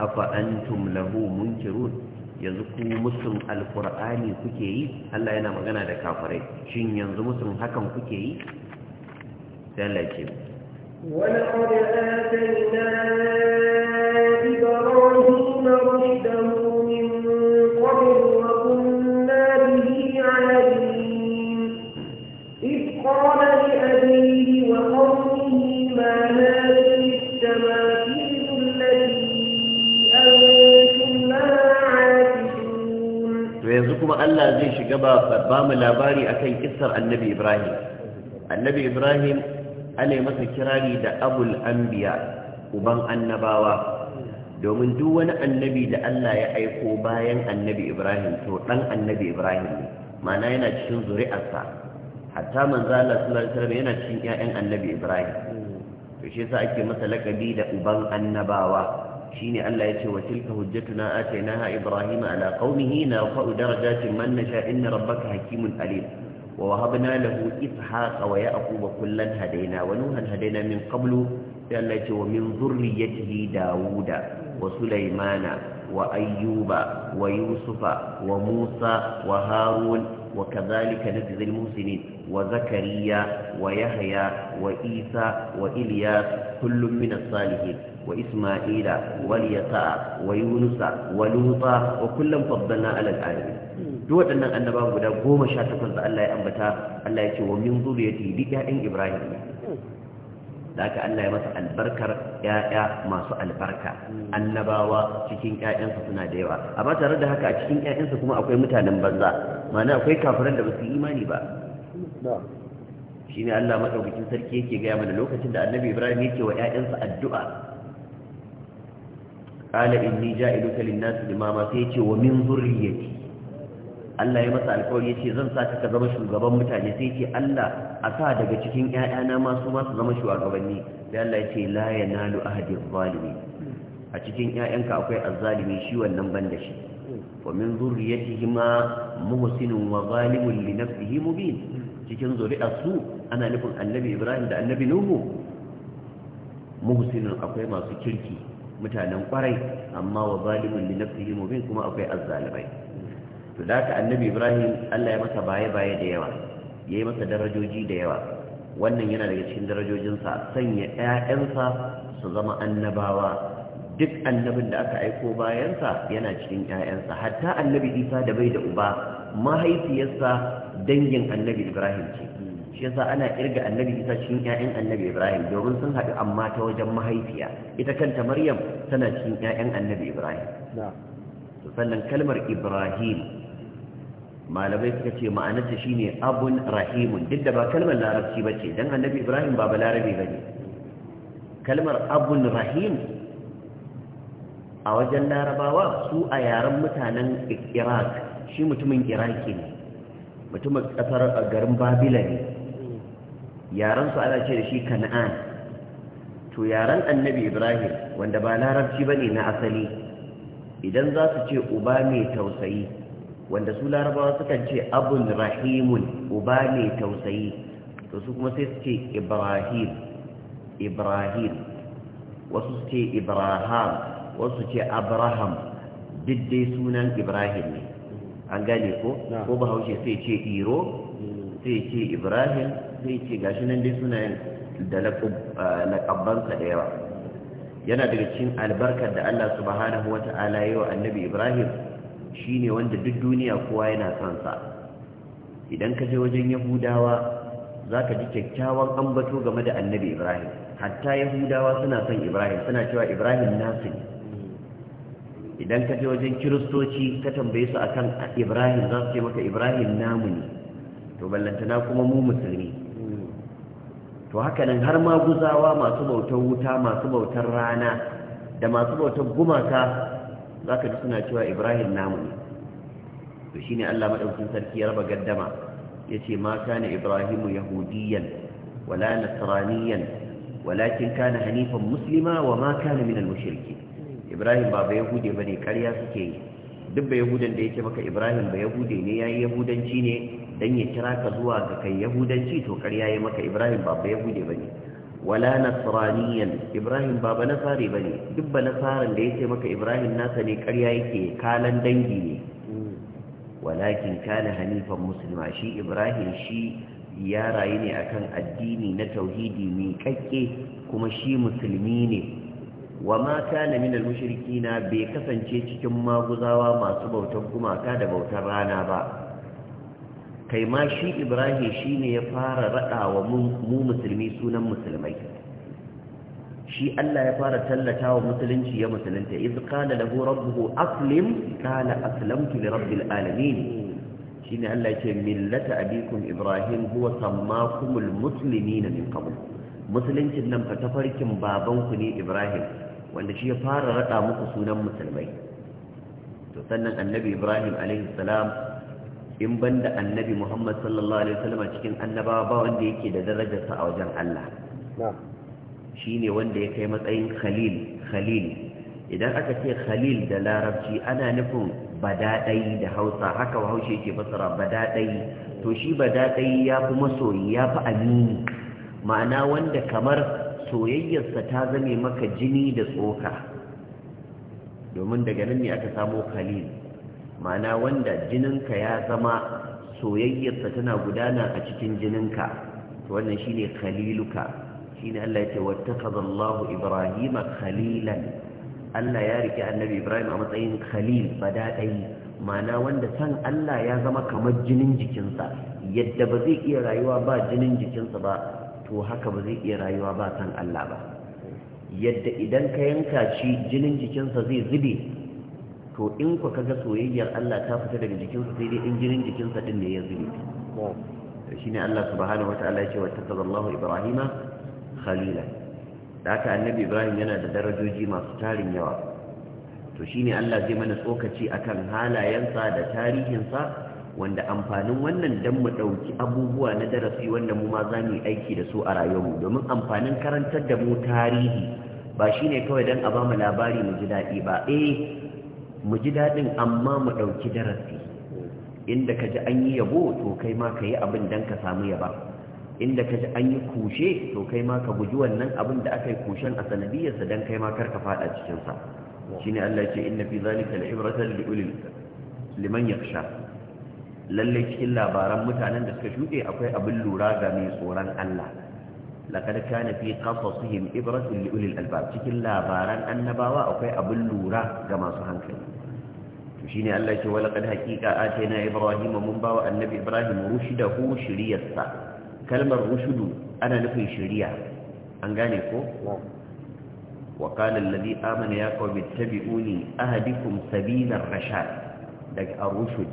Speaker 1: afa antum lahu munkirun yanzu ku musun alqur'ani kuke yi Allah yana magana da kafirai shin yanzu musun hakan kuke yi sai
Speaker 2: ولقد آتينا إبراهيم رشده من قبل وكنا به عليم إذ قال لأبيه وقومه ما هذه التماثيل التي أنتم لها
Speaker 1: yanzu kuma Allah zai shiga ba mu labari akan kissar Annabi Ibrahim Annabi Ibrahim ana masa kirari da abul anbiya uban annabawa domin duk wani annabi da Allah ya aiko bayan annabi Ibrahim to dan annabi Ibrahim ne ma'ana yana cikin zuri'arsa hatta manzo Allah sallallahu alaihi wasallam yana cikin ƴaƴan annabi Ibrahim to shi yasa ake masa lakabi da uban annabawa shine Allah ya ce wa tilka hujjatuna atainaha ibrahima ala qaumihi na fa'u darajatin man nasha inna rabbaka hakimun alim ووهبنا له إسحاق ويعقوب كلا هدينا ونوحا هدينا من قبل التي ومن ذريته داود وسليمان وأيوب ويوسف وموسى وهارون وكذلك نجزي المحسنين وزكريا ويحيى وإيسى وإلياس كل من الصالحين وإسماعيل واليسع ويونس ولوطا وكلا فضلنا على العالمين duk waɗannan annaba guda goma sha takwas da Allah ya ambata Allah ya ce wa min ta yi ƴaƴan Ibrahim da aka Allah ya masa albarkar 'ya'ya masu albarka annabawa cikin 'ya'yansa suna da yawa amma tare da haka a cikin 'ya'yansa kuma akwai mutanen banza ma'ana akwai kafiran da ba su yi imani ba shine Allah madaukakin sarki yake gaya mana lokacin da Annabi Ibrahim yake wa 'ya'yansa addu'a qala inni ja'iluka lin-nasi imama sai yace wa min zurriyyati Allah ya masa alƙawari yace zan sa ka zama shugaban mutane sai yace Allah a sa daga cikin ƴaƴana ma su ma su zama shugabanni sai Allah yace la yanalu ahadi zalimi a cikin ƴaƴanka akwai azzalimi shi wannan ban da shi wa min ma muhsinun wa zalimun li nafsihi mubin cikin su ana nufin annabi Ibrahim da annabi Nuhu muhsinun akwai masu kirki mutanen kwarai amma wa zalimun li nafsihi mubin kuma akwai azzalimai to da annabi ibrahim allah ya masa baye-baye da yawa ya yi masa darajoji da yawa wannan yana daga cikin darajojinsa sanya 'ya'yansa su zama annabawa duk annabin da aka aiko bayansa yana cikin 'ya'yansa hatta annabi isa da bai da uba mahaifiyarsa dangin annabi ibrahim ce shi yasa ana kirga annabi isa cikin 'ya'yan annabi ibrahim domin sun haɗu amma ta wajen mahaifiya ita kanta maryam tana cikin 'ya'yan annabi ibrahim sannan kalmar ibrahim malamai suka ce ma'anarta shine abun rahimun duk da ba kalmar larabci ba ce don annabi ibrahim ba balarabe ba ne kalmar abun rahim a wajen larabawa su a yaren mutanen iraq shi mutumin iraki ne mutumin kasar garin babila ne yaren su ana ce da shi kana'an to yaren annabi ibrahim wanda ba larabci ba ne na asali idan za su ce uba mai tausayi wanda su larabawa sukan ce abun rahimun uba mai tausayi to su kuma sai su ce ibrahim ibrahim wasu su ce ibrahim wasu ce abraham duk sunan ibrahim ne an gane ko ko bahaushe sai ce iro sai ce ibrahim sai ce gashi nan dai sunayen da laƙabbansa da yawa yana daga cikin albarkar da allah subhanahu wa ta'ala yi wa annabi ibrahim Shi ne wanda duk duniya kowa yana son sa idan ka je wajen yahudawa za ka ji kyakkyawan ambato game da annabi ibrahim hatta yahudawa suna son ibrahim suna cewa ibrahim nasu ne idan ka je wajen kiristoci ka tambaye su akan ibrahim za su ce maka ibrahim namu ne to ballantana kuma mu musulmi to hakanan har ma guzawa masu bautar wuta masu bautar rana da masu bautar gumaka za ka ji suna cewa ibrahim namu ne to shi ne allah maɗaukin sarki ya raba gaddama ya ce ma kana ibrahimu yahudiyan wala nasraniyan walakin kana hanifan Musulma wa ma kana minal mushirki ibrahim ba ba yahude ba ne ƙarya suke yi duk ba yahudan da ya ce maka ibrahim ba yahudi ne ya yi yahudanci ne don ya kira ka zuwa ga kai yahudanci to karya ya maka ibrahim ba ba yahude ba ne wala nasraniyan ibrahim baba ba nasari bane duk ba nasaran da yake maka ibrahim nasa ne ƙarya yake kalan dangi ne walakin kana hanifan musulma shi ibrahim shi ya rayu ne akan addini na tauhidi mai kakke kuma shi musulmi ne wa ma kana min al-mushrikina bai kasance cikin maguzawa masu bautar gumaka da bautar rana ba kai ma shi ibrahim shi ne ya fara raɗa wa mu musulmi sunan musulmai shi Allah ya fara tallata wa musulunci ya musulunta iz qala lahu rabbuhu aslim qala aslamtu li rabbil alamin shine Allah ya ce millata abikum ibrahim huwa sammakumul muslimina min qabl musuluncin nan fa tafarkin babanku ne ibrahim wanda shi ya fara raɗa muku sunan musulmai to sannan annabi ibrahim alaihi salam in banda annabi Muhammad sallallahu alaihi wasallam cikin annabawa ba wanda yake da darajarsa a wajen Allah shi ne wanda ya kai matsayin khalil khalil idan aka ce khalil da larabci ana nufin badadai da Hausa haka Hausa yake fasara badadai to shi badadai fi masoyi ya fi amini ma'ana wanda kamar soyayyarsa ta zame maka jini da tsoka domin daga nan ne aka samo khalil ma'ana wanda jininka ya zama soyayyarsa tana gudana a cikin jininka wannan shine khaliluka shine Allah ya ce wattakaza kazallahu Ibrahima khalilan Allah ya rike annabi Ibrahim a matsayin khalil badadai ma'ana wanda san Allah ya zama kamar jinin jikinsa yadda ba zai iya rayuwa ba jinin jikinsa ba to haka ba zai iya rayuwa ba san Allah ba yadda idan ka yanka shi jinin jikinsa zai zube to in ku kaga soyayyar Allah ta fita daga jikinsa sai dai in jikinsa din ne ya zube shi ne Allah subhanahu wata'ala ya ce wa tattazallahu ibrahima khalila da haka annabi ibrahim yana da darajoji masu tarin yawa to shine Allah zai mana tsokaci akan halayensa da tarihinsa wanda amfanin wannan dan mu dauki abubuwa na darasi wanda mu ma za mu aiki da su a rayuwarmu domin amfanin karantar da mu tarihi ba shine kawai dan a ba mu labari mu ji daɗi ba eh mu ji daɗin amma mu ɗauki darasi inda ka ji an yi yabo to kai ma ka yi abin don ka samu yaba inda ka ji an yi kushe to kai ma ka guji wannan abin da aka yi kushen a sanadiyarsa don kai ma kar ka faɗa cikinsa shi ne Allah ce inna fi zalika al'ibratan li'ulil liman yakhsha lalle cikin labaran mutanen da suka shuɗe akwai abin lura ga mai tsoron Allah laqad kana fi qasasihim ibratun li ulil albab cikin labaran annabawa akwai abin lura ga masu hankali to shine Allah ce wala qad haqiqa atayna ibrahima mun bawa annabi ibrahim rushdahu shiriyarsa kalmar rushudu ana nufin shiriya an gane ko وقال الذي آمن يا قوم أهدكم سبيل الرشاد دك الرشد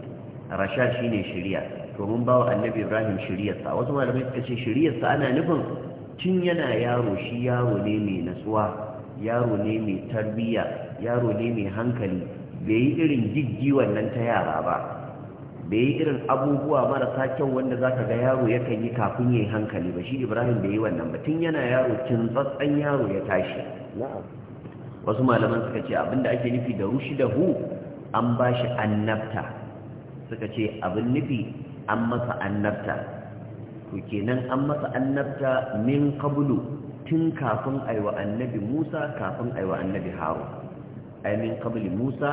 Speaker 1: رشاد شيني شريعة ومن النبي إبراهيم شريعة وثم لما يتكسي أنا نفهم tun yana yaro shi yaro ne mai natsuwa yaro ne mai tarbiyya yaro ne mai hankali bai yi irin jiggi wannan ta yara ba bai yi irin abubuwa marasa kyau wanda za ka ga yaro yakan yi kafin ya yi hankali ba shi ibrahim bai yi wannan ba tun yana yaro kin tsatsan yaro ya tashi wasu malaman suka ce da ake nufi da rushi da hu an ba shi annabta suka ce abin nufi an masa annabta to kenan an masa annabta min qablu tun kafin aiwa annabi Musa kafin aiwa annabi Harun ai min qabli Musa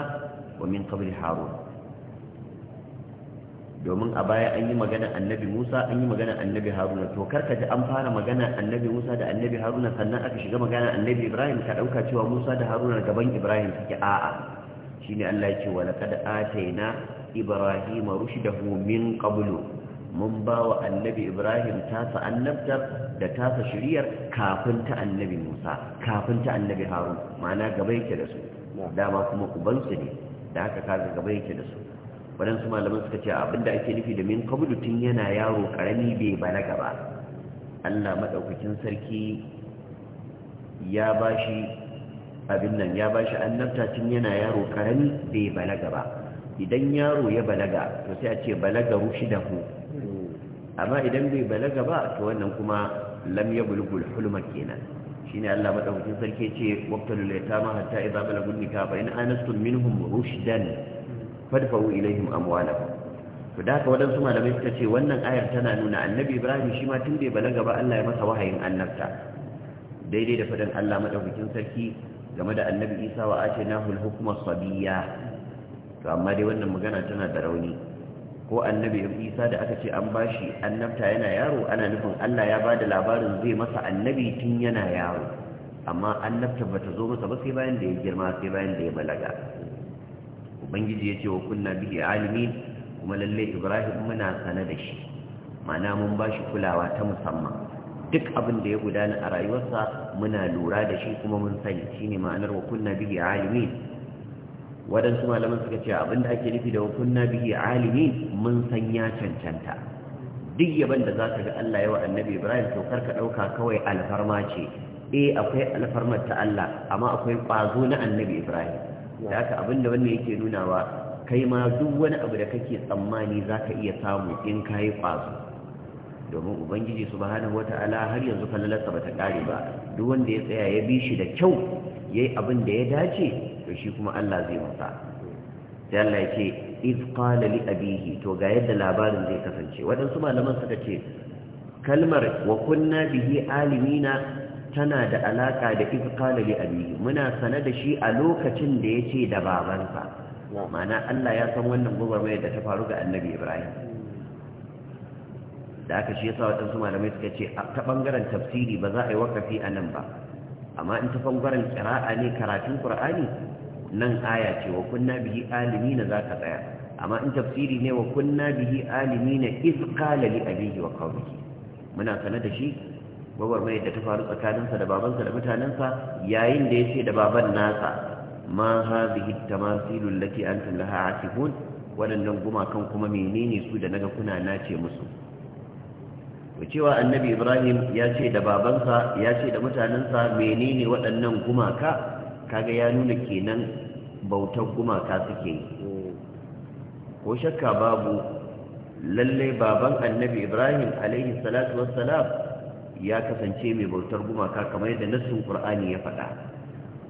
Speaker 1: wa min qabli Harun domin a baya an yi magana annabi Musa an yi magana annabi Harun to karka ji an fara magana annabi Musa da annabi Harun sannan aka shiga magana annabi Ibrahim ka dauka cewa Musa da Haruna gaban Ibrahim take a'a shine Allah ya ce wa laqad atayna ibrahima rushdahu min qablu mun ba wa annabi ibrahim tasa annabtar da tasa shiriyar kafin ta annabi musa kafin ta annabi harun ma'ana gaba yake da su dama kuma ubansu ne da haka kaga gaba yake da su waɗansu malaman suka ce abinda ake nufi da min kabudu tun yana yaro ƙarami bai balaga ba allah maɗaukakin sarki ya bashi abin nan ya bashi annabta tun yana yaro karami bai balaga ba idan yaro ya balaga to sai a ce balaga rushi da ku amma idan bai balaga ba to wannan kuma lam yablughu hulma kenan shine Allah madaukakin sarki ce waqtalul yatama hatta idza balagu nikah fa in anastum minhum rushdan fadfa'u ilaihim amwalahum to da ka wadansu malamai suka ce wannan ayar tana nuna annabi Ibrahim shi ma tun bai balaga ba Allah ya masa wahayin annabta daidai da faɗan Allah madaukakin sarki game da annabi Isa wa atainahu al-hukma sabiyya to amma dai wannan magana tana da rauni ko annabi isa da aka ce an bashi annabta yana yaro ana nufin allah ya ba da labarin zai masa annabi tun yana yaro amma annabta ba ta zo masa ba sai bayan da ya girma sai bayan da ya balaga ubangiji ya ce wa kunna bihi alimi kuma lalle ibrahim muna sane da shi ma'ana mun bashi kulawa ta musamman duk abin da ya gudana a rayuwarsa muna lura da shi kuma mun sani shine ma'anar wa kunna bihi alimi waɗansu malaman suka ce abinda ake nufi da kunna bihi alimi mun san ya cancanta duk yaban da za ka ga Allah yawa annabi Ibrahim to kar ka ɗauka kawai alfarma ce eh akwai alfarmar ta Allah amma akwai ƙwazo na annabi Ibrahim da haka abinda wannan yake nunawa kai ma duk wani abu da kake tsammani za ka iya samu in ka yi ƙwazo domin ubangiji subhanahu wata'ala har yanzu kallalarsa ba ta ƙare ba duk wanda ya tsaya ya bi shi da kyau yayi abin da ya dace to shi kuma Allah zai masa sai Allah ya ce iz qala li abihi to ga yadda labarin zai kasance waɗansu malaman suka ce kalmar wa kunna bihi alimina tana da alaka da iz qala li abihi muna sane da shi a lokacin da yace da babansa ma'ana Allah ya san wannan gwagwarmayar da ta faru ga Annabi Ibrahim da aka shi yasa waɗansu malamai suka ce ta ɓangaren tafsiri ba za a yi wakafi a nan ba amma in ta bangaren kira'a ne karatun qur'ani nan aya ce wa kunna bihi na za ka tsaya amma in tafsiri ne wa kunna bihi na iz qala li abihi wa qawmihi muna sanar da shi babar mai da ta faru tsakaninsa da babansa da mutanensa yayin da ya ce da baban nasa ma hadhihi tamasilul lati antum laha akifun wadannan gumakan kuma menene su da naga kuna nace musu ku cewa annabi ibrahim ya ce da babansa ya ce da mutanensa menene waɗannan gumaka kaga ya nuna kenan bautar gumaka suke yi ko shakka babu lalle baban annabi ibrahim alaihi salatu wassalam ya kasance mai bautar gumaka kamar yadda nassin qur'ani ya faɗa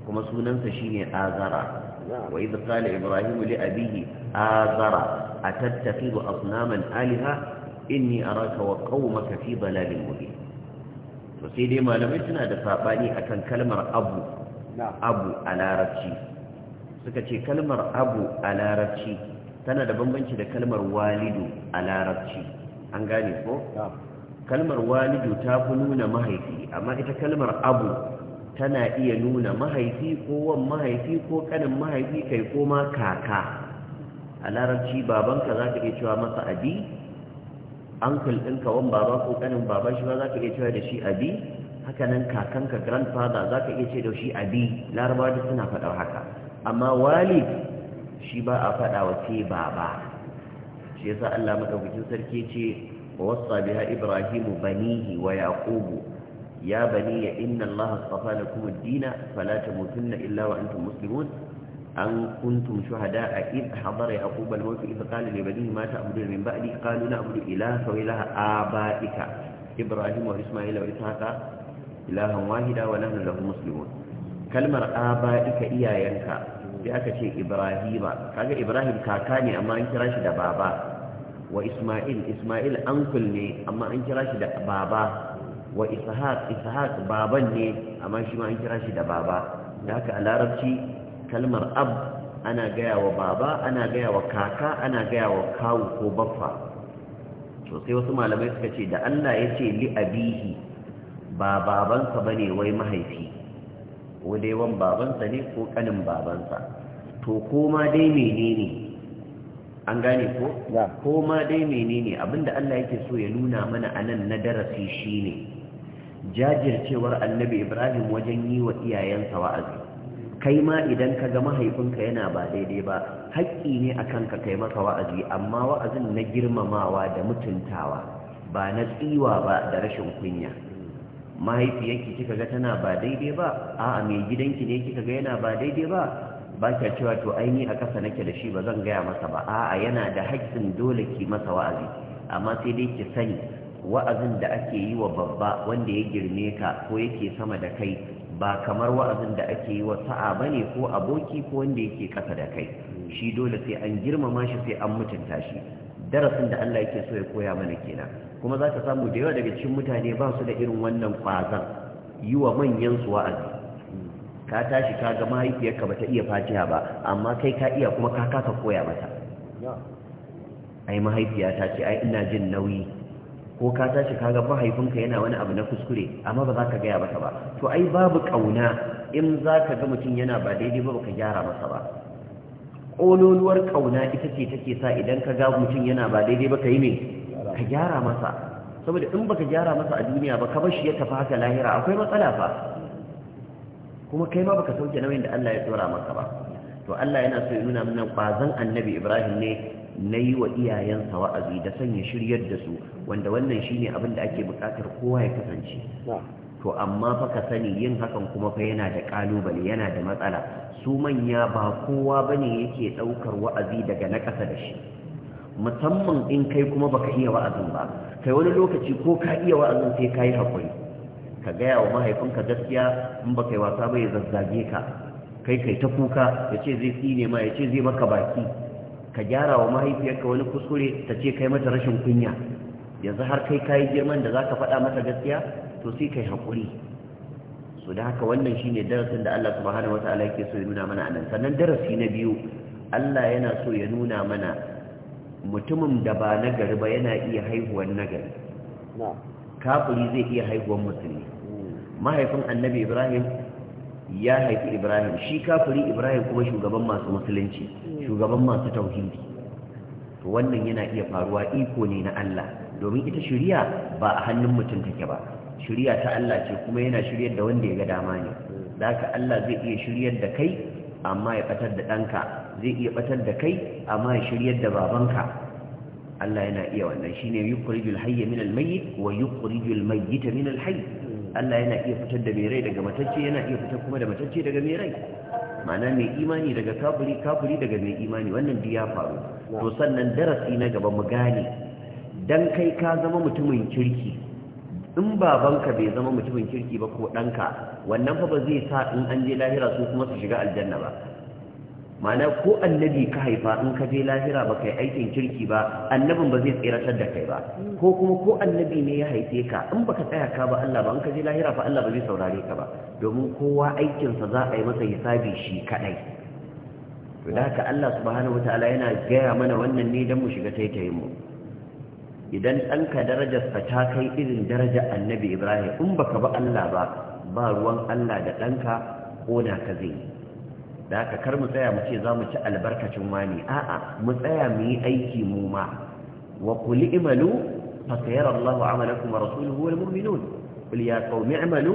Speaker 1: kuma sunansa shine azara wa idh qala ibrahim li abihi azara atattakhidhu asnaman alaha inni araka wa qaumaka fi dalalin mubin to sai dai malamai suna da sabani akan kalmar abu abu a larabci suka ce kalmar abu a larabci tana da bambanci da kalmar walidu a larabci an gane ko kalmar walidu ta fi nuna mahaifi amma ita kalmar abu tana iya nuna mahaifi ko wan mahaifi ko kanin mahaifi kai ko ma kaka a larabci babanka za ka iya cewa masa abi uncle ɗinka wan baba ko ƙanin baba shi ba za ka iya cewa da shi abi haka nan kakanka grandfather za ka iya ce da shi abi laraba da suna faɗa haka amma wali shi ba a faɗa wa sai baba shi yasa Allah madaukakin sarki ce wa wasa biha ibrahimu banihi wa yaqubu ya bani inna allaha astafa lakum ad-dina fala tamutunna illa wa antum muslimun An kuntun shuhada a iska haɓare a ƙubar mota, ina ƙalubalen da baƙi mata a gudanar min ba'a jika kanuna a gudu. Ibrahim wa Isma'il wa Isaha, Ibrahimawa ya na hannu da musulmai. Kalmar ƙabar ka iya yanka ya kace Ibrahima. Ibrahim kaka ne amma an kira shi da baba. Wa Isma'il, Isma'il an kunne amma an kira shi da baba. Wa Isahau, Isahau baban ne amma shima an kira shi da baba. Da haka a larabci. kalmar ab ana gaya wa baba ana gaya wa kaka ana gaya wa kawu ko baffa to sai wasu malamai suka ce da Allah ya ce li abihi ba babansa bane wai mahaifi wan babansa ne ko kanin babansa to koma dai menene an gane ko koma dai menene abinda Allah yake so ya nuna mana anan na darasi shine jajircewar annabi Ibrahim wajen yi wa iyayensa wa'azi kai ma idan ka ga mahaifinka yana ba daidai ba haƙƙi ne a kanka kai masa wa'azi amma wa'azin na girmamawa da mutuntawa ba na tsiwa ba da rashin kunya mahaifiyarki kika ga tana ba daidai ba a'a mai gidanki ne kika ga yana ba daidai ba ba kya cewa to aini a ƙasa nake da shi ba zan gaya masa ba a'a yana da haƙƙin dole ki masa wa'azi amma sai dai ki sani wa'azin da ake yi wa babba wanda ya girme ka ko yake sama da kai ba kamar wa'azin da ake yi wa sa'a ne ko aboki ko wanda yake kasa da kai shi dole sai an girmama shi sai an mutunta shi darasin da Allah yake so ya koya mana kenan kuma za ka samu da yawa daga cikin mutane ba su da irin wannan kwazan yi wa manyan su wa'azi ka tashi ka ga mahaifiyarka bata iya fatiha ba amma kai ka iya kuma ka kasa koya mata ai mahaifiya ta ce ai ina jin nauyi ko ka tashi kaga mahaifinka yana wani abu na kuskure amma ba za ka gaya masa ba to ai babu kauna in za ka ga mutum yana ba daidai ba ka gyara masa ba ƙololuwar kauna ita ce take sa idan ka ga mutum yana ba daidai ba ka yi ne ka gyara masa saboda in baka gyara masa a duniya ba ka bar ya tafi haka lahira akwai matsala fa kuma kai ma baka sauke nauyin da Allah ya tsora maka ba to Allah yana so ya nuna mana kwazon annabi Ibrahim ne na yi wa iyayensa wa'azi da sanya shiryar da su wanda wannan shine abin da ake bukatar kowa ya kasance to amma fa ka sani yin hakan kuma fa yana da kalubale yana da matsala su manya ba kowa ne yake daukar wa'azi daga na ƙasa da shi musamman in kai kuma baka iya wa'azin ba kai wani lokaci ko ka iya wa'azin sai yi hakuri ka gaya wa mahaifinka gaskiya in baka yi wasa ba ya zazzage ka kai kai ta kuka ya ce zai tsine ma ya ce zai maka baki ka gyara wa mahaifiyarka wani kuskure ta ce kai mata rashin kunya yanzu har kai kayi girman da za ka faɗa mata gaskiya to sai kai haƙuri so da haka wannan shine darasin da Allah subhanahu wataala yake so ya nuna mana anan sannan darasi na biyu Allah yana so ya nuna mana mutumin da ba nagari ba yana iya haihuwar nagari kafiri zai iya haihuwar musulmi hmm. mahaifin annabi Ibrahim ya haifi ibrahim shi kafiri ibrahim kuma shugaban masu musulunci shugaban masu tauhidi to wannan yana iya faruwa iko ne na Allah domin ita shiriya ba a hannun mutum take ba shiriya ta Allah ce kuma yana shiryar da wanda ya ga dama ne zaka Allah zai iya shiryar da kai amma ya batar da danka zai iya batar da kai amma ya shiryar da babanka Allah yana iya wannan shine yukhrijul hayya minal mayyit wa yukhrijul mayyita minal hayy Allah yana iya fitar da mai rai daga matacce yana iya fitar kuma da matacce daga mai rai ma'ana mai imani daga kafiri kafiri daga mai imani wannan biya ya faru to sannan darasi na gaba mu gane dan kai ka zama mutumin kirki in babanka bai zama mutumin kirki ba ko ɗanka wannan fa ba zai sa in an je lahira su kuma su shiga aljanna ba mana ko annabi ka haifa in ka je lahira ba kai aikin kirki ba annabin ba zai tsiratar da kai ba ko kuma ko annabi ne ya haife ka in baka tsaya ka ba Allah ba in ka je lahira fa Allah ba zai saurare ka ba domin kowa aikinsa za a yi masa hisabi shi kadai to da haka Allah subhanahu wataala yana gaya mana wannan ne dan mu shiga taitayin mu idan ɗanka daraja ta kai irin darajar annabi Ibrahim in baka ba Allah ba ba ruwan Allah da ɗanka ƙona ka zai da haka kar mu tsaya mu ce za mu ci albarkacin wani a'a mu tsaya mu yi aiki mu ma wa qul imalu fa sayara Allahu amalakum wa rasuluhu wal mu'minun qul ya qaumi i'malu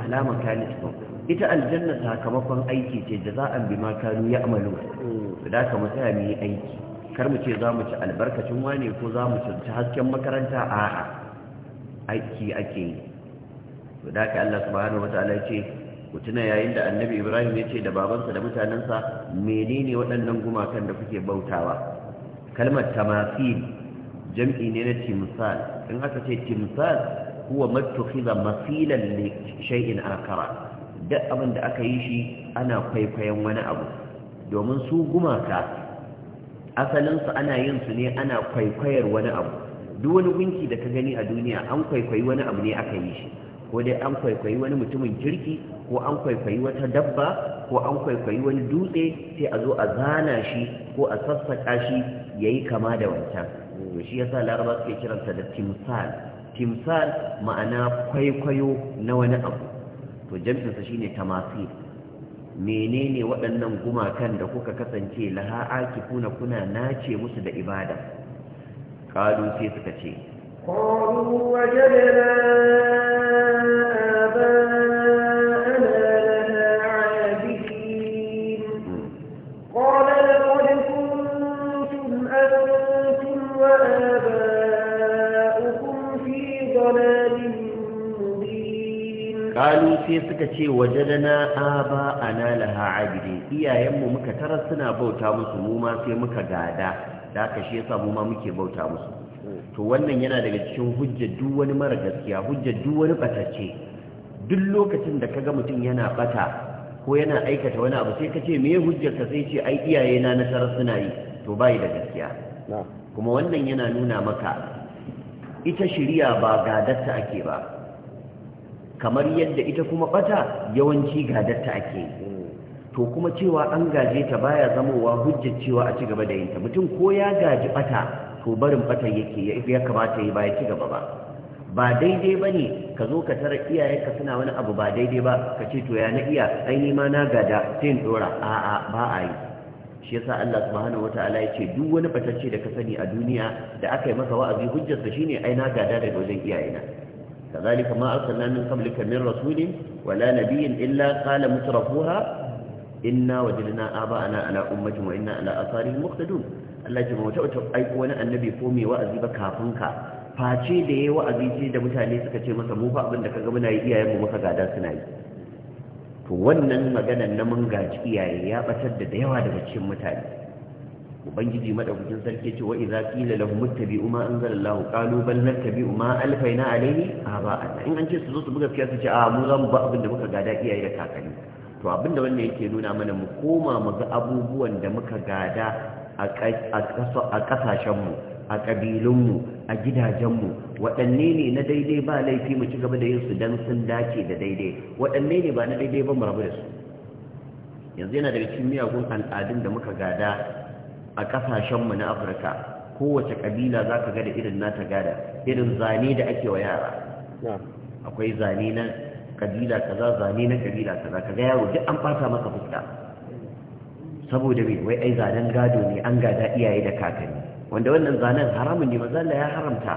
Speaker 1: ala makanatikum ita aljanna sakamakon aiki ce jaza'an bima kanu ya'malu da haka mu tsaya mu yi aiki kar mu ce za mu ci albarkacin wani ko za mu ci hasken makaranta a'a aiki ake yi da haka Allah subhanahu wa ta'ala ya ce ku tuna yayin da annabi ibrahim ya ce da babansa da mutanensa ne waɗannan gumakan da kuke bautawa kalmar tamasil jam'i ne na timsal in aka ce timsal huwa matukhiza masilan li shay'in akara duk abin da aka yi shi ana kwaikwayon wani abu domin su gumaka asalinsu ana yin su ne ana kwaikwayar wani abu duk wani gunki da ka gani a duniya an kwaikwayi wani abu ne aka yi shi ko dai an kwaikwayi wani mutumin kirki ko an kwaikwayi wata dabba ko an kwaikwayi wani dutse sai a zo a zana shi ko a sassaƙa shi ya yi kama da wancan shi sa laraba suke kiranta da timsal timsal ma'ana kwaikwayo na wani abu to jam'insa shine tamasir menene waɗannan gumakan da kuka kasance laha'a ki kuna kuna nace musu da ibada ƙalu sai suka ce
Speaker 2: wajen wajadna
Speaker 1: kalu sai suka ce wajadana aba ana laha abide iyayenmu muka tarar suna bauta musu mu ma sai muka gada da ka shi yasa mu ma muke bauta musu to wannan yana daga cikin hujjar duk wani mara gaskiya hujjar duk wani batacce duk lokacin da kaga mutum yana bata ko yana aikata wani abu sai kace me hujjar ka sai ce ai iyayena na tarar suna yi to bai da gaskiya kuma wannan yana nuna maka ita shiriya ba gadarta ake ba kamar yadda ita kuma bata yawanci gadarta ake yi to kuma cewa an gaje ta baya zamowa hujjar cewa a ci gaba da yinta mutum ko ya gaji bata to barin bata yake ya kamata baya ya ci gaba ba ba daidai ba ne ka zo ka tara ka suna wani abu ba daidai ba ka ce to ya na iya ai ma na gada sai in dora a'a ba a yi shi yasa Allah subhanahu wata'ala ya ce duk wani batacce da ka sani a duniya da aka yi masa wa'azi hujjarsa shine ai na gada daga wajen iyayena كذلك ما أرسلنا من قبلك من رسول ولا نبي إلا قال مترفوها إنا وجدنا آباءنا على أمة وإنا على أثارهم مقتدون Allah ji mawata wata aiko wani annabi ko mai wa'azi ba kafin ka face da yayi wa'azi ce da mutane suka ce masa mufa abinda ka da kaga muna yi iyayen mu muka gada suna yi to wannan maganan na mun gaji iyaye ya batar da da yawa da cikin mutane ubangiji madaukakin sarki ce wa idza qila lahum ittabi'u ma anzalallahu qalu bal nattabi'u ma alfayna alayhi aba'ana in an ce su zo su buga gaskiya ce a mu za mu ba abin da muka gada iyaye da kakanni to abin da wannan yake nuna mana mu koma mu ga abubuwan da muka gada a kasashen mu a kabilun mu a gidajen mu wadanne ne na daidai ba laifi mu ci gaba da yin su dan sun dace da daidai wadanne ne ba na daidai ba mu rabu da su yanzu yana daga cikin miyagun al'adun da muka gada a ƙasashenmu na afirka kowace kabila za ka gada irin nata gada irin zane da ake wa yara akwai zane na kabila kaza zane na kabila kaza ka yaro duk an fata masa fuska saboda me wai ai zanen gado ne an gada iyaye da kakanni wanda wannan zanen haramun ne mazalla ya haramta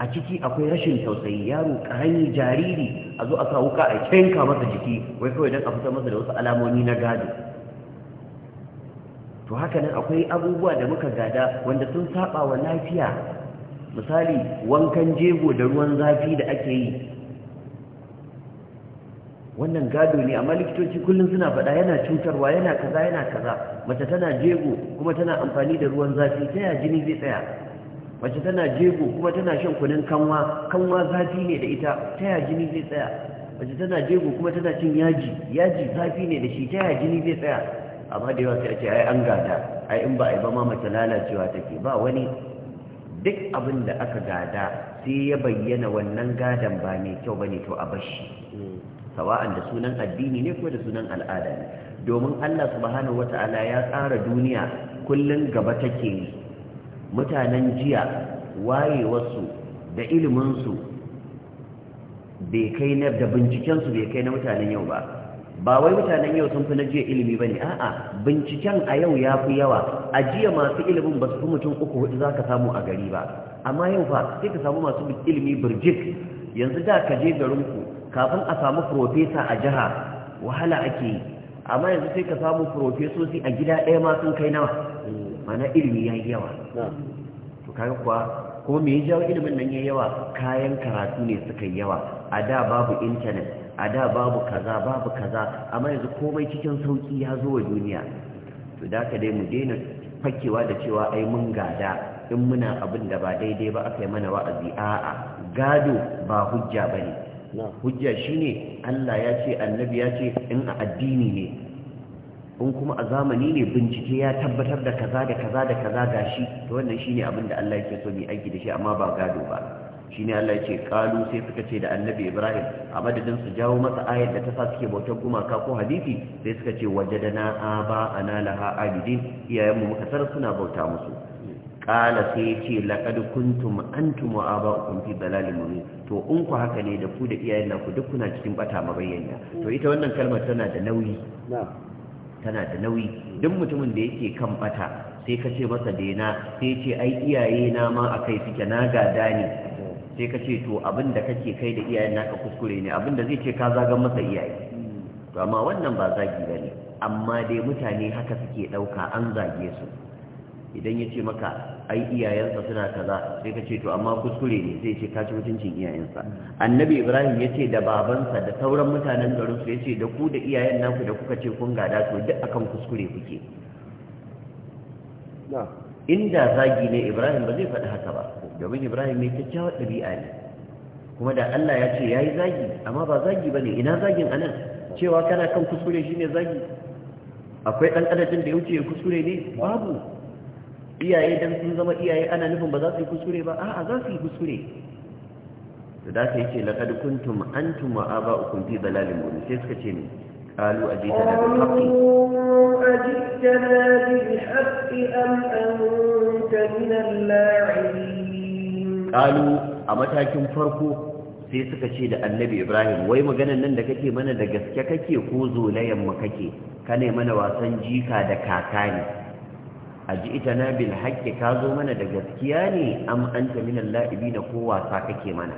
Speaker 1: a ciki akwai rashin tausayi yaro karami jariri a zo a sa wuka a yanka masa jiki wai kawai don a fita masa da wasu alamomi na gado to haka nan akwai abubuwa da muka gada wanda sun saba wa lafiya misali wankan jego da ruwan zafi da ake yi wannan gado ne amma likitoci kullum suna faɗa yana cutarwa yana kaza yana kaza mace tana jego kuma tana amfani da ruwan zafi ta ya jini zai tsaya mace tana jego kuma tana shan kunin kanwa kanwa zafi ne da ita ta ya jini zai tsaya mace tana jego kuma tana cin yaji yaji zafi ne da shi ta ya jini zai tsaya amma da yawa sai a ce ai an gada ai in ba a yi ba ma mace lalacewa take ba wani duk abin da aka gada sai ya bayyana wannan gadan ba mai kyau bane to a bashi sawa'an da sunan addini ne ko da sunan al'ada ne domin Allah subhanahu wata'ala ya tsara duniya kullum gaba take yi mutanen jiya wayewarsu da iliminsu bai kai na da bincikensu bai kai na mutanen yau ba ba wai mutanen yau sun fi na jiya ilimi ba ne a'a binciken a yau ya fi yawa a jiya masu ilimin ba su fi mutum uku hudu za ka samu a gari ba amma yau fa, sai ka samu masu ilimi birjik yanzu da ka je garinku kafin a samu profesa a jiha wahala ake yi amma yanzu sai ka samu profesoci a gida ɗaya ma sun kai nawa mana ilimi ya yi yawa to kaga kuwa Kuma me ya jawo ilimin nan ya yawa kayan karatu ne suka yi yawa a da babu intanet a da babu kaza babu kaza amma yanzu komai cikin sauki ya zo wa duniya to da ka dai mu daina fakewa da cewa ai mun gada in muna abin da ba daidai ba aka yi mana wa'azi a'a gado ba hujja bane hujja shine Allah ya ce annabi ya ce in a addini ne in kuma a zamani ne bincike ya tabbatar da kaza da kaza da kaza gashi to wannan shine abin da Allah yake so mu yi aiki da shi amma ba gado ba shine Allah ce kalu sai suka ce da annabi Ibrahim a madadin su jawo masa ayar da ta sa suke bautar gumaka ko hadisi sai suka ce wajadana aba ana laha abidin iyayen mu muka tarar suna bauta musu kala sai ce laqad kuntum antum wa aba'ukum fi dalalin mubin to in ku haka ne da ku da iyayen naku duk kuna cikin bata mabayyana to ita wannan kalmar tana da nauyi tana da nauyi duk mutumin da yake kan bata sai ka ce masa daina sai ce ai iyaye na ma akai suke na gada ne sai ka ce to abin da kake kai da iyayen naka kuskure ne abin da zai ce ka zagar masa iyaye to amma wannan ba zagi ba ne amma dai mutane haka suke ɗauka an zage su idan ya ce maka ai iyayensa suna kaza sai ka ce to amma kuskure ne sai ce ka ci mutuncin iyayensa annabi ibrahim ya ce da babansa da sauran mutanen garin su ya ce da ku da iyayen naku da kuka ce kun gada to duk akan kuskure kuke inda zagi ne ibrahim ba zai faɗi haka ba domin ibrahim mai kyakkyawar ɗabi'a ne kuma da allah ya ce ya yi zagi amma ba zagi ba ne ina zagin anan cewa kana kan kuskure shi ne zagi akwai ɗan adadin da ya wuce kuskure ne babu iyaye don sun zama iyaye ana nufin ba za su yi kuskure ba a'a za su yi kuskure da da ka ce laqad kuntum a ba ukun fi dalalin mubin sai suka ce ni qalu ajitana bil
Speaker 2: haqqi ajitana bil haqqi am anta min al-la'ibin
Speaker 1: kalu a matakin farko sai suka ce da annabi ibrahim wai maganan nan da kake mana da gaske kake ko zolayen mu kake kane mana wasan jika da kaka ne aji ita na bil haqqi ka zo mana da gaskiya ne am anta min al-la'ibina ko wasa kake mana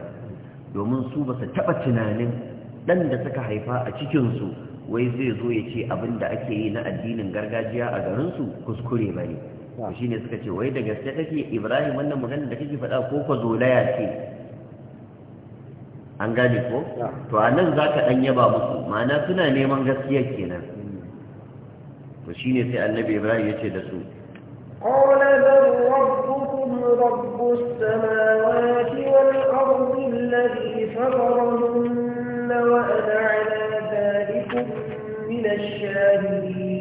Speaker 1: domin su ba su taba tunanin ɗan da suka haifa a cikin su wai zai zo ya ce abin da ake yi na addinin gargajiya a garinsu su kuskure bane shi ne suka ce wai da gaske kake ibrahim wannan magana da kake faɗa ko ka zolaya ce an gane ko to a nan za ka ɗan yaba musu ma'ana suna neman gaskiya kenan to shi ne sai annabi ibrahim ya ce da su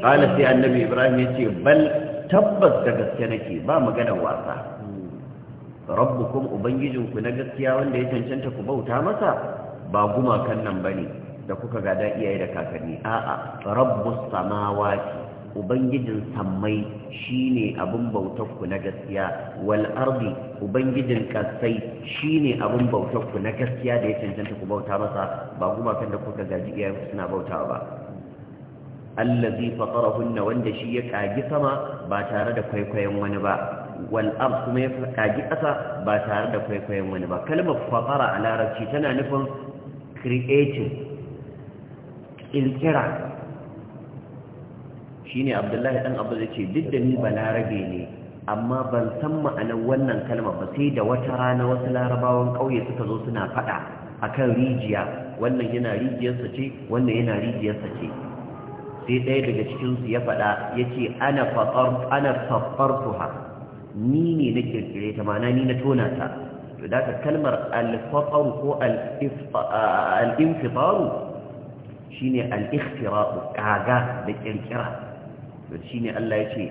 Speaker 2: قال قال في النبي
Speaker 1: إبراهيم يقول بل tabbas da gaske nake ba maganar wasa rabbukum ku na gaskiya wanda ya cancanta ku bauta masa ba gumakan nan bane da kuka gada iyaye da kakanni a'a rabbus samawati ubangijin sammai shine abin bautar ku na gaskiya wal ardi ubangijin kasai shine abin bautar ku na gaskiya da ya cancanta ku bauta masa ba gumakan da kuka gaji iyaye suna bautawa ba allazi fatarahunna wanda shi ya kagi sama ba tare da kwaikwayon wani ba wal ard kuma ya kagi kasa ba tare da kwaikwayon wani ba kalmar fatara a larabci tana nufin creating ilkira shine abdullahi dan abu zai ce duk da ni ba larabe ne amma ban san ma'anar wannan kalma ba sai da wata rana wasu larabawan ƙauye suka zo suna faɗa akan rijiya wannan yana rijiyarsa ce wannan yana rijiyarsa ce sai ɗaya daga cikinsu ya faɗa ya ce ana tuha ni ne na kirkire ta mana ni na tona ta to da ka kalmar alfaɓaru ko alinfifaru shi ne al'ikhtira ƙaga da kirkira to shi ne Allah ya ce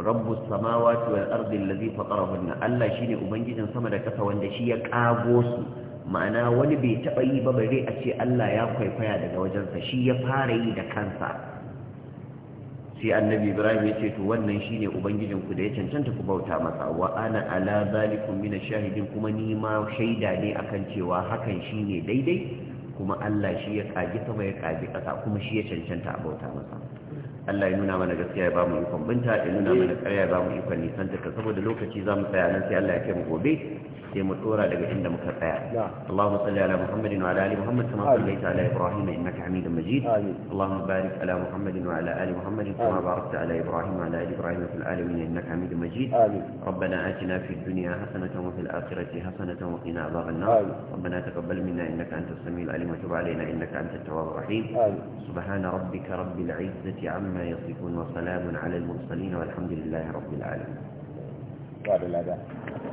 Speaker 1: rabbu samawati wal ardi allazi fatarahunna Allah shine ubangijin sama da ƙasa wanda shi ya kago su ma'ana wani bai taɓa yi ba bare a ce Allah ya kwaikwaya daga wajensa shi ya fara yi da kansa sai annabi ibrahim ya ce to wannan shine ku da ya cancanta ku bauta masa wa ana ala zalikum min shahidin kuma ni ma shaida ne akan cewa hakan shi ne daidai kuma Allah shi ya kaji sama ya kaji kasa kuma shi ya cancanta a bauta masa Allah ya nuna mana gaskiya ya ba mu ikon binta ya nuna mana ƙarya ya ba mu ikon nisan ta saboda lokaci za mu tsaya nan sai Allah ya kai mu gobe sai mu tsora daga inda muka tsaya Allahumma salli ala Muhammadin wa ala ali Muhammad kama sallaita ala Ibrahim innaka Hamidum Majid Allahumma barik ala Muhammadin wa ala ali Muhammad kama barakta ala Ibrahim wa ala ali Ibrahim fil alamin innaka Hamidum Majid ربنا آتنا في الدنيا حسنة وفي الآخرة حسنة وقنا عذاب النار ربنا تقبل منا إنك أنت السميع العليم وتب علينا إنك أنت التواب الرحيم سبحان ربك رب العزة عما يصفون وسلام على المرسلين والحمد لله رب العالمين بعد الأذان